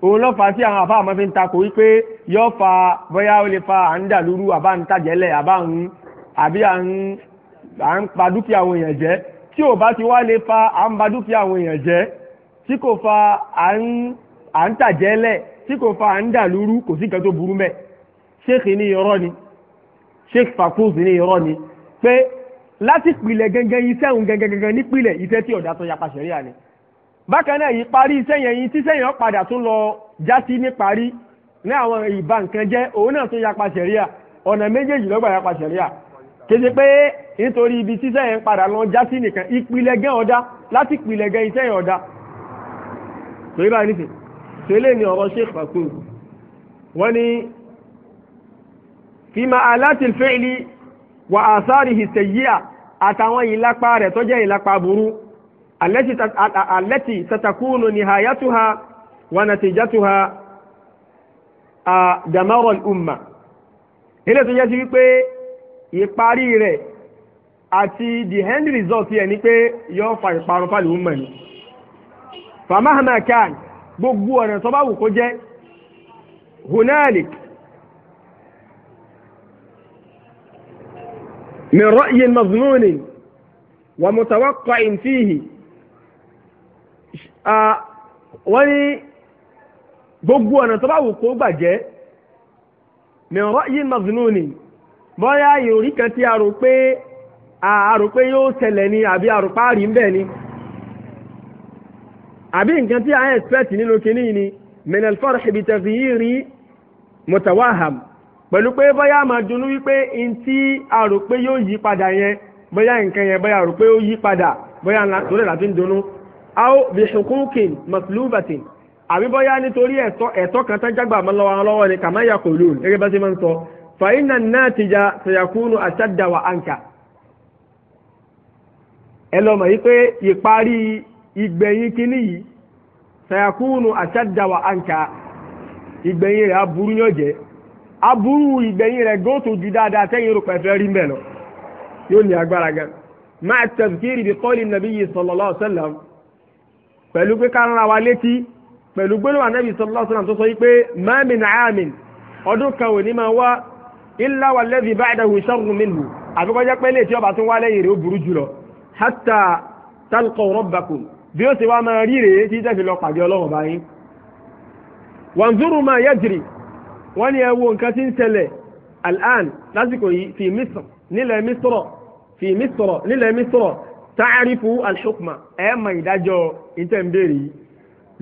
Speaker 1: òun ló fà sí àwọn àfa àmọ́ fi ń takò wípé yóò fa bóyá ó lè fa à ń dàlúrú àbá ń tàjẹ́lẹ̀ àbá ń àbí à ń à ń pa dúkìá àwọn èèyàn jẹ́ tí ò bá ti wá lè fa à ń ba dúkìá àwọn èèyàn jẹ́ tí kò fa à ń à ń tàjẹ́lẹ̀ tí kò fa à ń dà lúrú kò sí tó burú mẹ́ ṣéèkì ní ni ṣéèkì fakus ní irọ́ ni pé láti pilẹ̀ gẹ́gẹ́ iṣẹ́ òun gẹ́gẹ́ gẹ́gẹ́ nípìlẹ̀ iṣẹ́ tí ọ̀dà tó yapa ṣẹ̀ríà ni bákan náà yìí parí iṣẹ́ yẹn yìí tíṣẹ́ lọ já ní parí ní àwọn ìbá nǹkan jẹ́ òun náà tún yapa ṣẹ̀ríà ọ̀nà méjèèjì lọ́gbà yapa ṣẹ̀ríà kéde pé nítorí ibi tíṣẹ́ yẹn padà lọ nìkan gẹ́ ọ̀dà láti pilẹ̀ tẹ́lẹ̀ ni ọ̀rọ̀ sheikh fakun wọ́n ní fi ma'alati al-fi'li wa atharihi sayyi'a àtàwọn ìlápa rẹ̀ tó jẹ́ ìlápa burú allati satakunu nihayatuha wa natijatuha damara al-umma ilé tó jẹ́ sí wípé ìparí rẹ̀ àti the end result yẹ ni pé yóò fa ìparun fáliwúmọ̀ ni famahama kan gbogbo ọ̀nà tó bá wù kó jẹ́ hunalik min ra'yin mazmunin wa mutawaqqa'in fihi wọ́n ní gbogbo ọ̀nà tó bá wù kó gbàjẹ́ min ra'yin mazmunin bóyá ìròrí kan tí a rò pé yóò tẹ̀lẹ̀ ni àbí àrùpáàrí ń bẹ̀ ni àbí nǹkan tí a yẹ expect nínú kínní ni minal farhi bi taghyiri mutawaham pẹ̀lú pé bóyá máa dunú wípé n tí a rò pé yóò yí padà yẹn bóyá nǹkan yẹn bóyá rò pé ó yí padà bóyá torí láti ń dunú aw bi huquqin matlubatin àbí bóyá nítorí ẹ̀tọ́ ẹ̀tọ́ kan tán jágbà mọ́ lọ́wọ́ lọ́wọ́ ni kama yaqulun gẹ́gẹ́ bá ti máa ń sọ fa inna an-natija sayakunu ashadda wa ẹ lọ mọ̀ yí pé ìparí ìgbẹ̀yìn kínní yìí sàyàkúnù àṣàdáwà àǹkà ìgbẹ̀yìn rẹ̀ aburú yóò jẹ́ aburú ìgbẹ̀yìn rẹ̀ góòtù ju dáadáa tẹ́yìn rò pẹ̀fẹ́ rí mbẹ̀ lọ yóò ní agbára gan máa tẹ̀síkìrì bí kọ́ọ̀lì nàbí yìí sallallahu alaihi wasallam pẹ̀lú pé ká rán wa létí pẹ̀lú gbólóhùn ànábì sallallahu alaihi wasallam tó sọ yìí pé ma min aamin ọdún kan ò ní máa wá illa walladhi ba'dahu sharrun minhu àfikọ́jẹ́ pé létí ọba tó wá lẹ́yìn rẹ̀ ó burú jùlọ hatta talqaw rabbakum bí ó ti wá máa rí rèé tí tẹ́fì lọ pàdé ọlọ́run bá yín wanzuru ma yajri wọ́n ní ẹ wo nǹkan tí ń ṣẹlẹ̀ al'an lásìkò yìí fi misr nílẹ̀ misrọ̀ fi misrọ̀ nílẹ̀ misrọ̀ ta'arifu al-hukma ẹ mọ ìdájọ́ ìtẹ̀m̀bẹ̀rẹ̀ yìí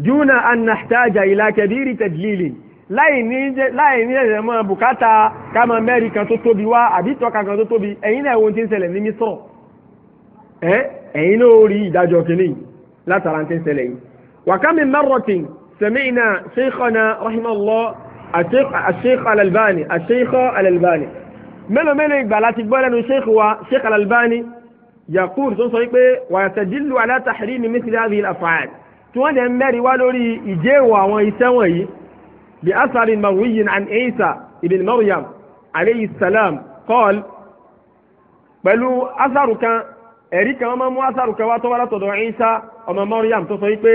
Speaker 1: juna an nahtaja ila kabiri tadlilin láì ní ẹ̀rẹ̀ mọ́ bùkátà káma mẹ́rin kan tó tóbi wá àbí tọ́ka kan tó tóbi ẹ̀yin náà wo ti ń ṣẹlẹ̀ ní misrọ̀ ẹ̀yin náà ó rí ìdájọ́ kìnìyàn látara tí ń ṣẹlẹ̀ yìí wàkàmì mẹ́rọ̀tì sẹ̀mìnà ṣèkọ́nà rahimahullah àṣeyíkọ́ alalbani àṣeyíkọ́ alalbani mélòó mélòó ìgbà láti gbọ́ lẹ́nu ṣéèkì wa ṣéèkì alalbani yakub tó ń sọ wípé wàtàdìlù alátàhírí ni mísìlẹ̀ àbí àfààd tí wọ́n jẹ́ ń mẹ́rin wá lórí ìjẹ́wọ̀ àwọn iṣẹ́ wọ̀nyí bí asarin marwiyin an isa ibn maryam alayhi salam kọ́ọ̀l pẹ̀lú asaru kan ẹ̀rí kan wọ́n máa mú asaru kan wá tó wá látọ̀dọ̀ Isa ọmọ Maryam tó sọ wípé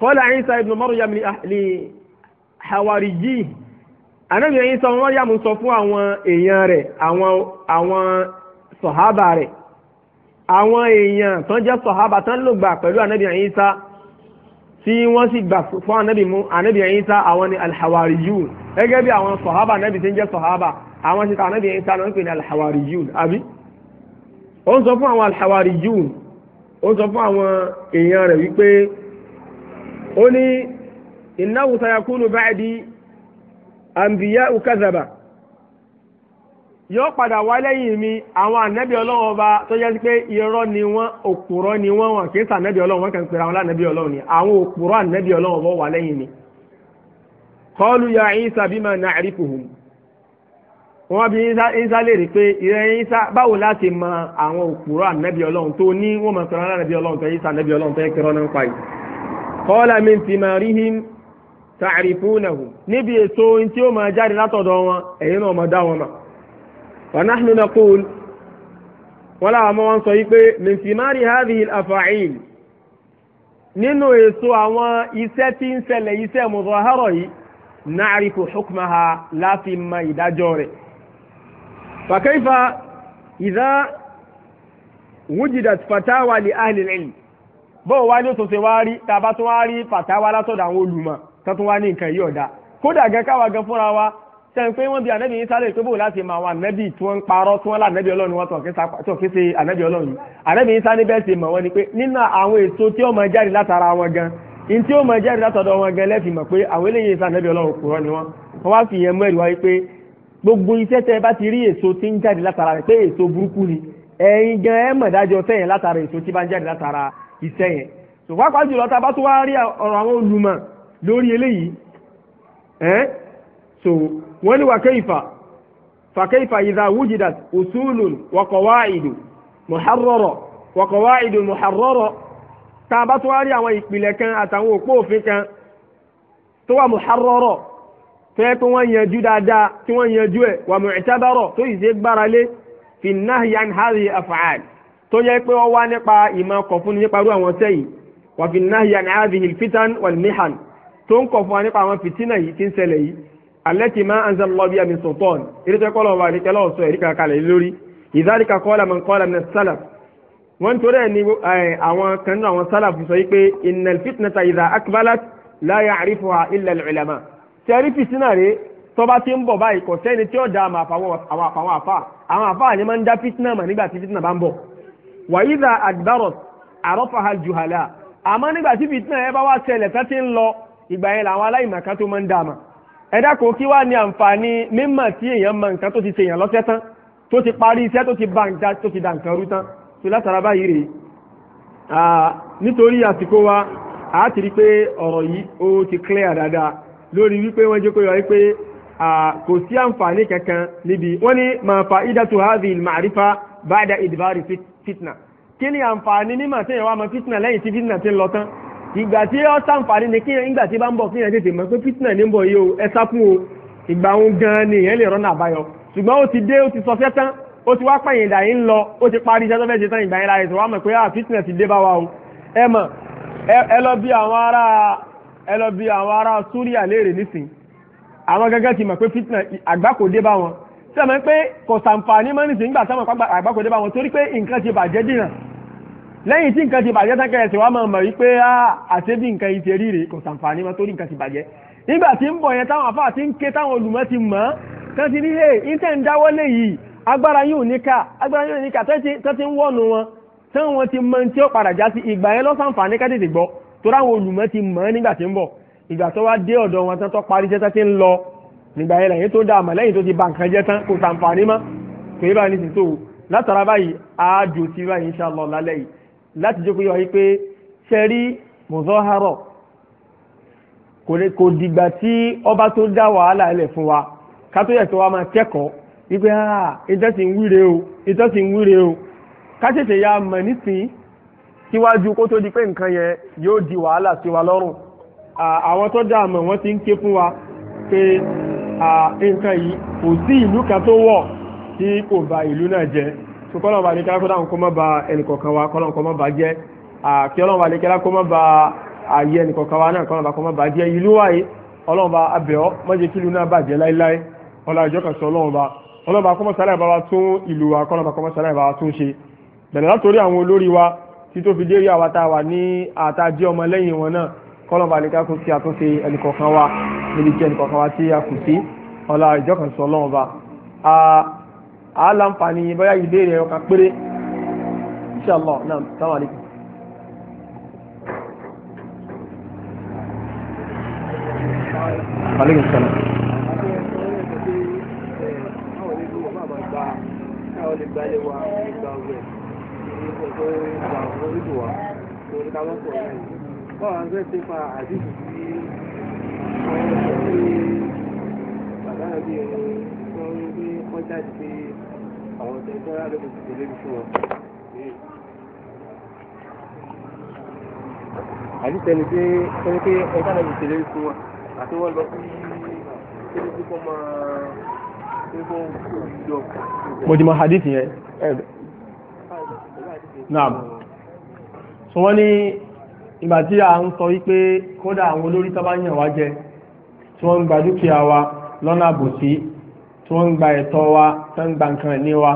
Speaker 1: qala Isa ibn Maryam li hawariji anabi Isa ọmọ Maryam sọ fún àwọn èèyàn rẹ̀ àwọn àwọn sọ̀hábà rẹ̀ àwọn èèyàn tán jẹ́ sọ̀hábà tán lò gbà pẹ̀lú anabi Isa tí wọ́n sì gbà fún anabi mu anabi àwọn ni alhawariyun gẹ́gẹ́ bí àwọn sọ̀hábà anabi tí ń jẹ́ sọ̀hábà àwọn sì ta anabi Isa náà ó ń sọ fún àwọn alhawariyun ó ń sọ fún àwọn èèyàn rẹ̀ wípé ó ní innahu sayakunu ba'di anbiya'u kadhaba yóò padà wá lẹ́yìn mi àwọn ànẹ́bí ọlọ́run ọba tó jẹ́ pé irọ́ ni wọ́n òpùrọ́ ni wọ́n wọn kì í sànẹ́bí wọn kàn pèrè àwọn ànẹ́bí ni àwọn òpùrọ́ ànẹ́bí ọlọ́run ọba wà lẹ́yìn mi. wọ́n bí isa léèrè pé ìrẹ́ isa báwo láti mọ àwọn òpùrọ̀ ànábì ọlọ́run tó ní wọ́n mọ̀ pẹ̀lú ànábì ọlọ́run tó isa ànábì ọlọ́run tó yẹ kẹrọ náà ń pa yìí. kọ́lá mi ti máa rí him ta'rifunahu níbi èso tí ó máa jáde látọ̀dọ̀ wọn ẹ̀yin náà máa dá wọn mà. wa nahnu naqul wọ́n láwọn ọmọ wọn sọ yìí pé min thimari hadhihi al-afa'il nínú èso àwọn iṣẹ́ tí ń ṣẹlẹ̀ iṣẹ́ mudahara فكيف إذا وجدت فتاوى لأهل العلم bó wá ní ó tó ṣe wá rí tá a bá tún wá rí fàtàwá látọ̀dọ̀ àwọn olùmọ̀ tó wá ní nǹkan yìí ọ̀dà kódà gan káwa gan fúnra wa sẹ́yìn pé wọ́n bí ànábì yín sálẹ̀ pé bó láti mọ àwọn ànábì tí wọ́n ń parọ́ tí wọ́n lá ànábì ọlọ́run wọn tó kí ṣe ànábì ọlọ́run yìí ànábì yín sálẹ̀ bẹ́ẹ̀ ṣe mọ̀ wọ́n ni pé nínú àwọn èso tí ó máa jáde látara wọn gan in tí ó máa jáde látọ̀dọ̀ wọn gan lẹ́fì mọ̀ pé àwọn eléyìí sá ànábì ọlọ́run kùrọ̀ ni wọ́n wọ́n wá fi yẹn mọ́ ẹ̀rí wáyé pé gbogbo iṣẹ́ tẹ́ ẹ bá ti rí èso tí ń jáde látara rẹ̀ pé èso burúkú ni ẹ̀yin gan ẹ mọ̀ dájọ́ sẹ́yìn látara èso tí bá ń jáde látara iṣẹ́ yẹn ṣùgbọ́n pàápàá jùlọ tá bá tún wá rí ọ̀rọ̀ àwọn olùmọ̀ lórí eléyìí ẹ̀ so wọ́n ní wàkẹ́yìfà fàkẹ́yìfà ìdá wújìdà òṣùlù wọ̀kọ̀wá ìdù mọ̀hárọ̀rọ̀ wọ̀kọ̀wá ìdù mọ̀hárọ̀rọ̀ tá a bá tún mọ̀hárọ̀rọ̀ fẹ́ pé wọ́n yanjú dáadáa tí wọ́n yanjú ẹ̀ wà mu'tabarọ̀ tó yìí ṣe gbára lé fi nahyi an hadhihi af'al tó yẹ pé wọ́n wá nípa ìmọ̀ ọkọ̀ fún nípa irú àwọn sẹ́yìn wà fi nahyi an hadhihi al-fitan wal tó ń kọ̀ fún wa nípa àwọn fìtínà yìí tí ń ṣẹlẹ̀ yìí allati ma anzal Allahu biha min sultan eré tó wà ní tẹrí fìtínà rèé tọ́ba ti ń bọ̀ báyìí kò sẹ́ni tí ó da àmà àfàwọn àfà àwọn àfà ni máa ń dá fìtínà mà nígbà tí fìtínà bá ń bọ̀ wàyídà adbarot àrọ́fàhà juhala àmọ́ nígbà tí fìtínà ẹ bá wá ṣẹlẹ̀ tá ti ń lọ ìgbà yẹn làwọn aláìmọ̀ká tó máa ń dá àmà ẹ dákòó kí wá ní àǹfààní mímọ̀ tí èèyàn mọ nǹkan tó ti ṣe èèyàn lọ́sẹ̀ tán tó ti parí iṣẹ́ tó ti ba nǹkan tó ti da nǹkan rú tán tó látara báyìí rèé nítorí àsìkò wa àá ti rí pé ọ̀rọ̀ yìí ó ti clear dáadáa lórí wípé wọ́n jẹ́ kó yọ wípé kò sí àǹfààní kankan níbi wọ́n ní ma fa'idatu hadhihi al-ma'rifa ba'da idbari fitna kí ni àǹfààní nímọ̀ tí èèyàn wá mọ fitna lẹ́yìn tí fitna ti ń lọ tán ìgbà tí ó sàǹfààní ni kíyàn ìgbà tí bá ń bọ̀ kíyàn tètè mọ̀ pé fitna ní ń bọ̀ yìí o ẹ sákún o ìgbà òun gan ni èèyàn lè rọ́nà àbáyọ ṣùgbọ́n ó ti dé ó ti sọ fẹ́ tán ó ti wá pẹ̀yìn ìdà yìí ń lọ ó ti parí iṣẹ́ tó fẹ́ ṣe tán ìgbà yẹn lára ètò wa mọ̀ pé ah, fitna ti dé bá wa o ẹ mọ̀ ẹ lọ bí àwọn ará ẹ lọ bí àwọn ará Súríà léèrè nísìn àwọn gẹ́gẹ́ ti mọ̀ pé fitna àgbákò dé bá wọn tí a mọ̀ pé kò sàǹfààní mọ́ nísìn nígbà táwọn àgbákò dé bá wọn torí pé nǹkan ti bàjẹ́ dìràn lẹ́yìn tí nǹkan ti bàjẹ́ tán kẹrẹsì wa máa mọ̀ wípé àṣé bí nǹkan yìí ti rí rèé kò sàǹfààní mọ́ torí nǹkan ti bàjẹ́ nígbà tí ń bọ̀ yẹn táwọn afáà ti ń ké táwọn olùmọ̀ ti mọ̀ tán ti rí hè ìtẹ̀ ń dáwọ́lé yìí agbára yóò níkà agbára yóò níkà tán ti ń wọ́nu wọn tán wọn ti mọ ní tí ó padà já sí ìgbà yẹn lọ́sàǹfààní ká gbọ́ torí àwọn olùmọ̀ ti mọ̀ ẹ́ nígbà tí ń bọ̀ ìgbà tó wá dé ọ̀dọ̀ wọn tán tó parí jẹ́tán tí ń lọ nígbà yẹn lẹ́yìn tó dá àmọ́ lẹ́yìn tó ti ba nǹkan jẹ́tán kò sàǹfààní mọ́ kò yẹ báyìí ní tìtò látara báyìí àádò tí báyìí insha Allah lálẹ́ yìí láti jókòó yọ wípé sẹ́rí mùsọ́hárọ̀ kò dìgbà tí ọba tó dá wàhálà ẹlẹ̀ fún wa ká tó yẹ kí wa máa kẹ́kọ̀ọ́ wípé ah ìtẹ́sìn wíre o ìtẹ́sìn wíre o ká ṣẹ̀ṣẹ̀ ya mọ̀ nísìnyí síwájú kó tó di pé nǹkan yẹn yóò di wàhálà sí wa lọ́rùn àwọn tó dá àmọ̀ wọ́n ti ń ké fún wa pé nǹkan yìí kò sí ìlú kan tó wọ̀ tí kò ba ìlú náà jẹ́ tó kọ́ lọ́nà àdékẹ́lá kó dáhùn kó má ba ẹnìkọ̀ọ̀kan wa kọ́ lọ́nà kó má ba jẹ́ kí ọlọ́nà àdékẹ́lá kó má ba ààyè ẹnìkọ̀ọ̀kan wa náà kọ́ lọ́nà kó má ba jẹ́ ìlú wa yìí ọlọ́nà bá abẹ́ọ́ mọ́jẹ́ kí ìlú náà bàjẹ́ láéláé ọlọ́nà ìjọ kan sọ ọlọ́nà bá ọlọ́nà bá kọ́mọ́sálẹ̀ bá wa tún ìlú wa kọ́ lọ́nà bá kọ́mọ́sálẹ̀ bá wa tún ṣe bẹ̀rẹ̀ látòrí àwọn olórí wa tító fi dérí àwa tá a wà ní àtàjẹ́ ọmọ lẹ́yìn wọn náà kọ́lọ́ba ní kákó sí àtúnṣe ẹnìkọ̀ọ̀kan wa níbi tí ẹnìkọ̀ọ̀kan wa tí a kù sí ọ̀la ìjọkànsọ ọlọ́run ba. a láǹfààní bóyá ìbéèrè ẹ̀rọ kan péré inshallah náà sáwọn àlejò. aleykum salaam pé ìgbà àwọn oníbò wa tó ní káwọ́pọ̀ rẹ̀ bọ́ àwọn ẹgbẹ́ ti fa àdìsí sí àwọn ọ̀sẹ̀ tí bàbá rẹ̀ bí ẹni wọ́n ń gbé wọ́n jáde pé àwọn ọ̀sẹ̀ tó rà lóbi ti lébi fún wọn. àdìsí ẹni pé ẹni pé ẹja lẹ́bi ti lébi fún wọn àti wọ́n lọ sí kíni tí kò máa. Mo ti mọ hadith yẹn. naam so wọ́n ní ìgbà tí a ń sọ wípé kódà àwọn olórí tó bá yàn wá jẹ tí wọ́n ń gba dúkìá wa lọ́nà àbòsí tí wọ́n ń gba ẹ̀tọ́ wa tó ń gba nǹkan ẹ̀ní wa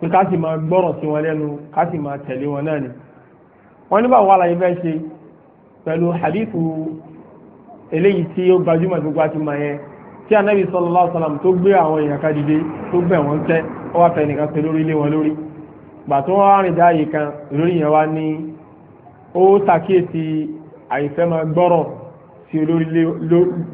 Speaker 1: pé ká sì máa gbọ́rọ̀ sí wọn lẹ́nu ká sì máa tẹ̀lé wọn náà ni wọ́n fẹ́ ṣe pẹ̀lú hadithu eléyìí tí ó gbajúmọ̀ gbogbo àti mọ̀ yẹn tí anábì tó gbé àwọn èèyàn dìde tó bẹ̀ wọ́n tẹ́ wá fẹ́ nìkan pẹ̀lú gbàtó wọn rìn dá yìí kan olórí yẹn wá ní ó ṣàkíyèsí àìfẹ́ máa gbọ́rọ̀ sí olórí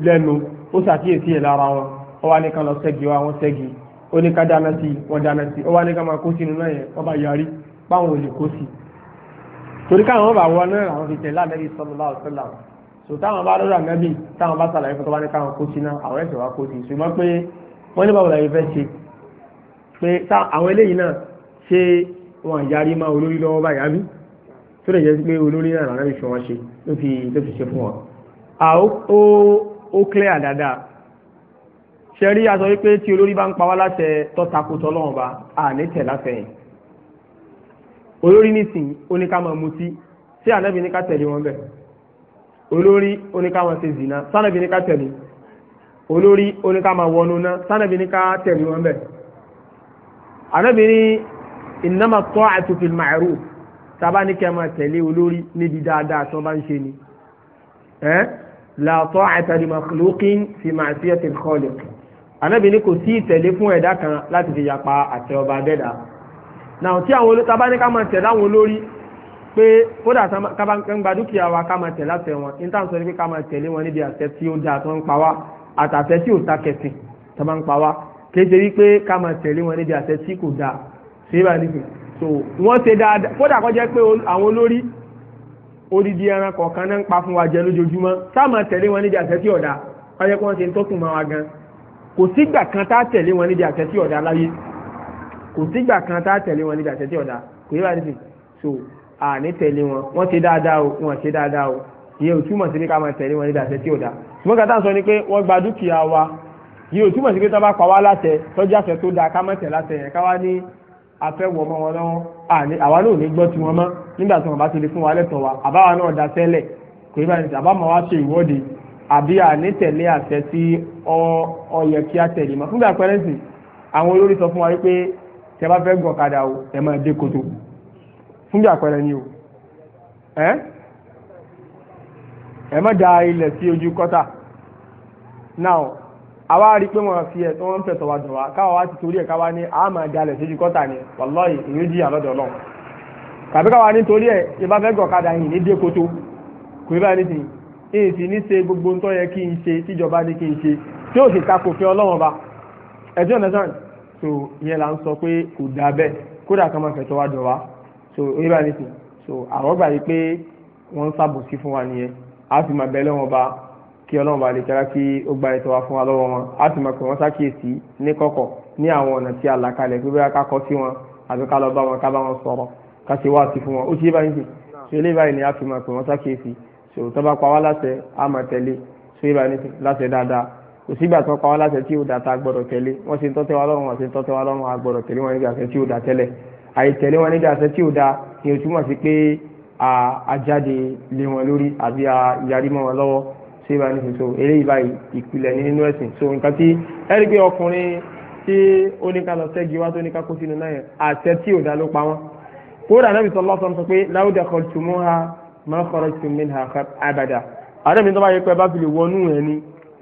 Speaker 1: lẹ́nu ó ṣàkíyèsí ẹ̀ lára wọn ó wá ní ká lọ ṣẹ́gi wá wọn ṣẹ́gi ó ní ká dáná sí wọn dáná sí ó wá ní ká máa kó sínú náà yẹn wọn bá yarí báwọn ò lè kó sí torí káwọn bá wọ náà àwọn fi tẹ̀ lánàbí sallallahu alaihi wasallam táwọn bá lọ́dọ̀ ànábì táwọn bá sàlàyé fún tọ́wọ́n wa kó sí ṣùgbọ́n pé wọ́n ní báwo la yẹ pé àwọn eléyìí náà ṣe wọn àjárí máa olórí lọ́wọ́ báyìí àbí tó lè jẹ́ pé olórí náà làwọn fi wọn ṣe ló fi ló fi ṣe fún wọn. ó clear dáadáa ṣe rí aṣọ wípé tí olórí bá ń pa wá láṣẹ tọ́takò tọ́lọ́wọ́n bá a ní tẹ̀ láfẹ̀yìn olórí nísìn oníkàmọ̀ mutí sí ànábì ní ká tẹ̀lé wọn bẹ̀ olórí oníkàmọ̀ ṣe zìnà sànábì ní ká tẹ̀lé olórí oníkàmọ̀ wọnú ná sànábì ní ká tẹ̀lé wọn bẹ̀ ànábì ní innama ta'atu fil ma'ruf sábà ní kẹ́ ẹ máa tẹ̀lé olórí níbi dáadáa tó bá ń ṣe ni la ta'ata li makhluqin fi ma'siyati al-khaliq anábì ní kò sí ìtẹ̀lé fún ẹ̀dá kan láti fi yapa àtẹ ọba dẹ́dà náà tí àwọn olóta bá ní ká máa tẹ̀lé àwọn olórí pé kódà ká bá ń gba dúkìá wa ká máa tẹ̀lé àtẹ wọn níta sọ pé ká tẹ̀lé wọn níbi àtẹ tí ó dáa tó ń pa wá àtàtẹ tí ò ta kẹsìn tó bá ń pa wá kéde wípé ká tẹ̀lé wọn níbi àtẹ tí kò dáa ṣé bá nìkan so wọ́n ṣe dáadáa kódà kọ́ jẹ́ pé àwọn olórí odidi ẹran kọ̀ọ̀kan náà ń pa fún wa jẹ lójoojúmọ́ sáàmà tẹ̀lé wọn níbi àṣẹ tí ọ̀dà kọ́ jẹ́ pé wọ́n ṣe ń tọ́kùn mọ́ wa gan kò sígbà kan tá tẹ̀lé wọn níbi àṣẹ tí ọ̀dà láyé kò sígbà kan tá tẹ̀lé wọn níbi àṣẹ tí ọ̀dà kò yẹ bá nìkan so àní tẹ̀lé wọn wọ́n ṣe dáadáa o wọ́n ṣe dáadáa o ìyẹn ò túmọ̀ sí pé ká máa tẹ̀lé wọn níbi àṣẹ tí ọ̀dà ṣùgbọ́n kàtà sọ ni pé wọ́n gba dúkìá wa yìí ò túmọ̀ sí pé tó bá pa wá láṣẹ tọ́jú àṣẹ tó dáa ká má tẹ̀ láṣẹ yẹn ká wá ní afẹ́wọ̀ mọ́ wọn lọ́wọ́ àwa náà ò ní gbọ́ tiwọn mọ́ nígbà tí wọn bá ti lè fún wa lẹ́tọ̀ọ́ wa àbáwa náà da tẹ́lẹ̀ kò ní báyìí àbámọ̀ wa ṣe ìwọ́de àbí ànítẹ̀lé àṣẹ tí ó yẹ kí á tẹ̀lé mọ́ fúngbà pẹ́rẹ́sì àwọn olórí sọ fún wa wípé tẹ bá fẹ́ gùn ọ̀kadà o ẹ máa dé koto fún bí àpẹẹrẹ ni o ẹ ẹ má da ilẹ̀ sí ojú kọ́tà now àwa rí i pé wọ́n fi ẹ̀sùn wọn fẹ̀sọ̀ wa dùn wa káwa wá ti torí ẹ̀ káwa ní a jalè síbi kọ́tà ni wàlọ́ọ̀yì ìyẹn jìyà lọ́dọ̀ Ọlọ́run tàbí káwa ní torí ẹ̀ ìbá fẹ́ gọ̀kadà yìí ní dé koto kò ní bá ní sìn yìí sì ní ṣe gbogbo ntọ́ yẹ kí n ṣe tíjọba ní kí n ṣe tí ó sì takò fi Ọlọ́run ba ẹ̀sìn ọ̀nà sàn so ìyẹn là ń sọ pé kò dà bẹ́ẹ̀ kódà kan máa fẹ̀sọ̀ wa dùn wa so kò ní bá ní sìn so àwọn gbà yìí pé wọ́n ń ṣàbòsí fún wa nìyẹn á fi máa bẹ lọ́wọ́ ba kí ọlọ́run bá lè tẹ́lá kí ó gba ètò wa fún wa lọ́wọ́ wọn á sì mọ̀ pé wọ́n ṣàkíyèsí ní kọ̀kọ̀ ní àwọn ọ̀nà tí a là kalẹ̀ pé bóyá ká kọ́ sí wọn àbí ká lọ bá wọn ká bá wọn sọ̀rọ̀ ká ṣe wá sí fún wọn ó ṣe báyìí sí ṣe eléyìí báyìí ni a fi mọ̀ pé wọ́n ṣàkíyèsí ṣòro tó bá pa wá láṣẹ á máa tẹ̀lé ṣe é báyìí láṣẹ dáadáa kò sígbà tó pa wá láṣẹ tí ò dàtà gbọ́dọ̀ tẹ̀lé wọ́n ṣe tọ́tẹ́ wa lọ́rùn wọ́n ṣe tọ́tẹ́ wa lọ́rùn àgbọ̀dọ̀ tẹ̀lé wọn nígbà tí ò dà tẹ́lẹ̀ àìtẹ̀lé wọn nígbà tí ò dà ni ó túmọ̀ sí pé àjáde lé wọn lórí àbí àyàrí mọ́ wọn lọ́wọ́ ṣé bá ní so eléyìí báyìí ìpìlẹ̀ ní nínú ẹ̀sìn so nǹkan tí ẹ̀rí pé ọkùnrin tí ó ní ká lọ sẹ́gi wá tó ní ká kó sínú náà yẹn àṣẹ tí ò dá ló pa wọ́n kódà náà bí sọ lọ́sọ̀ sọ pé láwùjọ kan tù mú ha máa kọ́rọ̀ tù mí ha abàdà àdé mi tó bá yẹ pé bá fi lè wọnú yẹn ni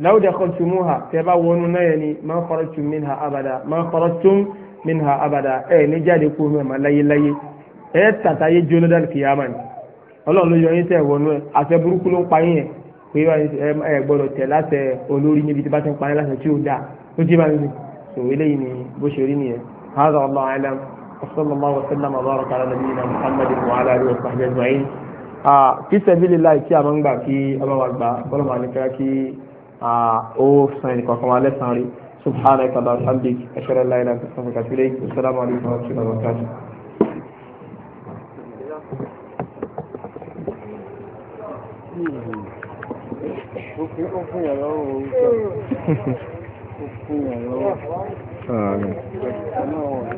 Speaker 1: láwùjọ kan tù mú ha tẹ bá wọnú náà yẹn ni máa kọ́rọ̀ tù mí ha abàdà máa kọ́rọ̀ tù mí pé ẹ gbọ́dọ̀ tẹ̀ láṣẹ olórí níbi tí bá ti ń parí láṣẹ tí ó dáa ó jẹ́ báyìí ni sọ eléyìí ni bó ṣe rí nìyẹn hàzà allah alam وصلى الله وسلم وبارك على نبينا محمد وعلى اله وصحبه اجمعين في سبيل الله kí a máa ń gbà kí ọmọ wa gbà bọ́lá máa ní kíra kí ó san ẹnì kankan wa lẹ́sàn-án rí subhanaka allahumma hamdik ashhadu an la ilaha illa anta astaghfiruka wa atubu ilayk assalamu alaykum wa rahmatullahi wa barakatuh Mm-hmm. ó fún yàrá ó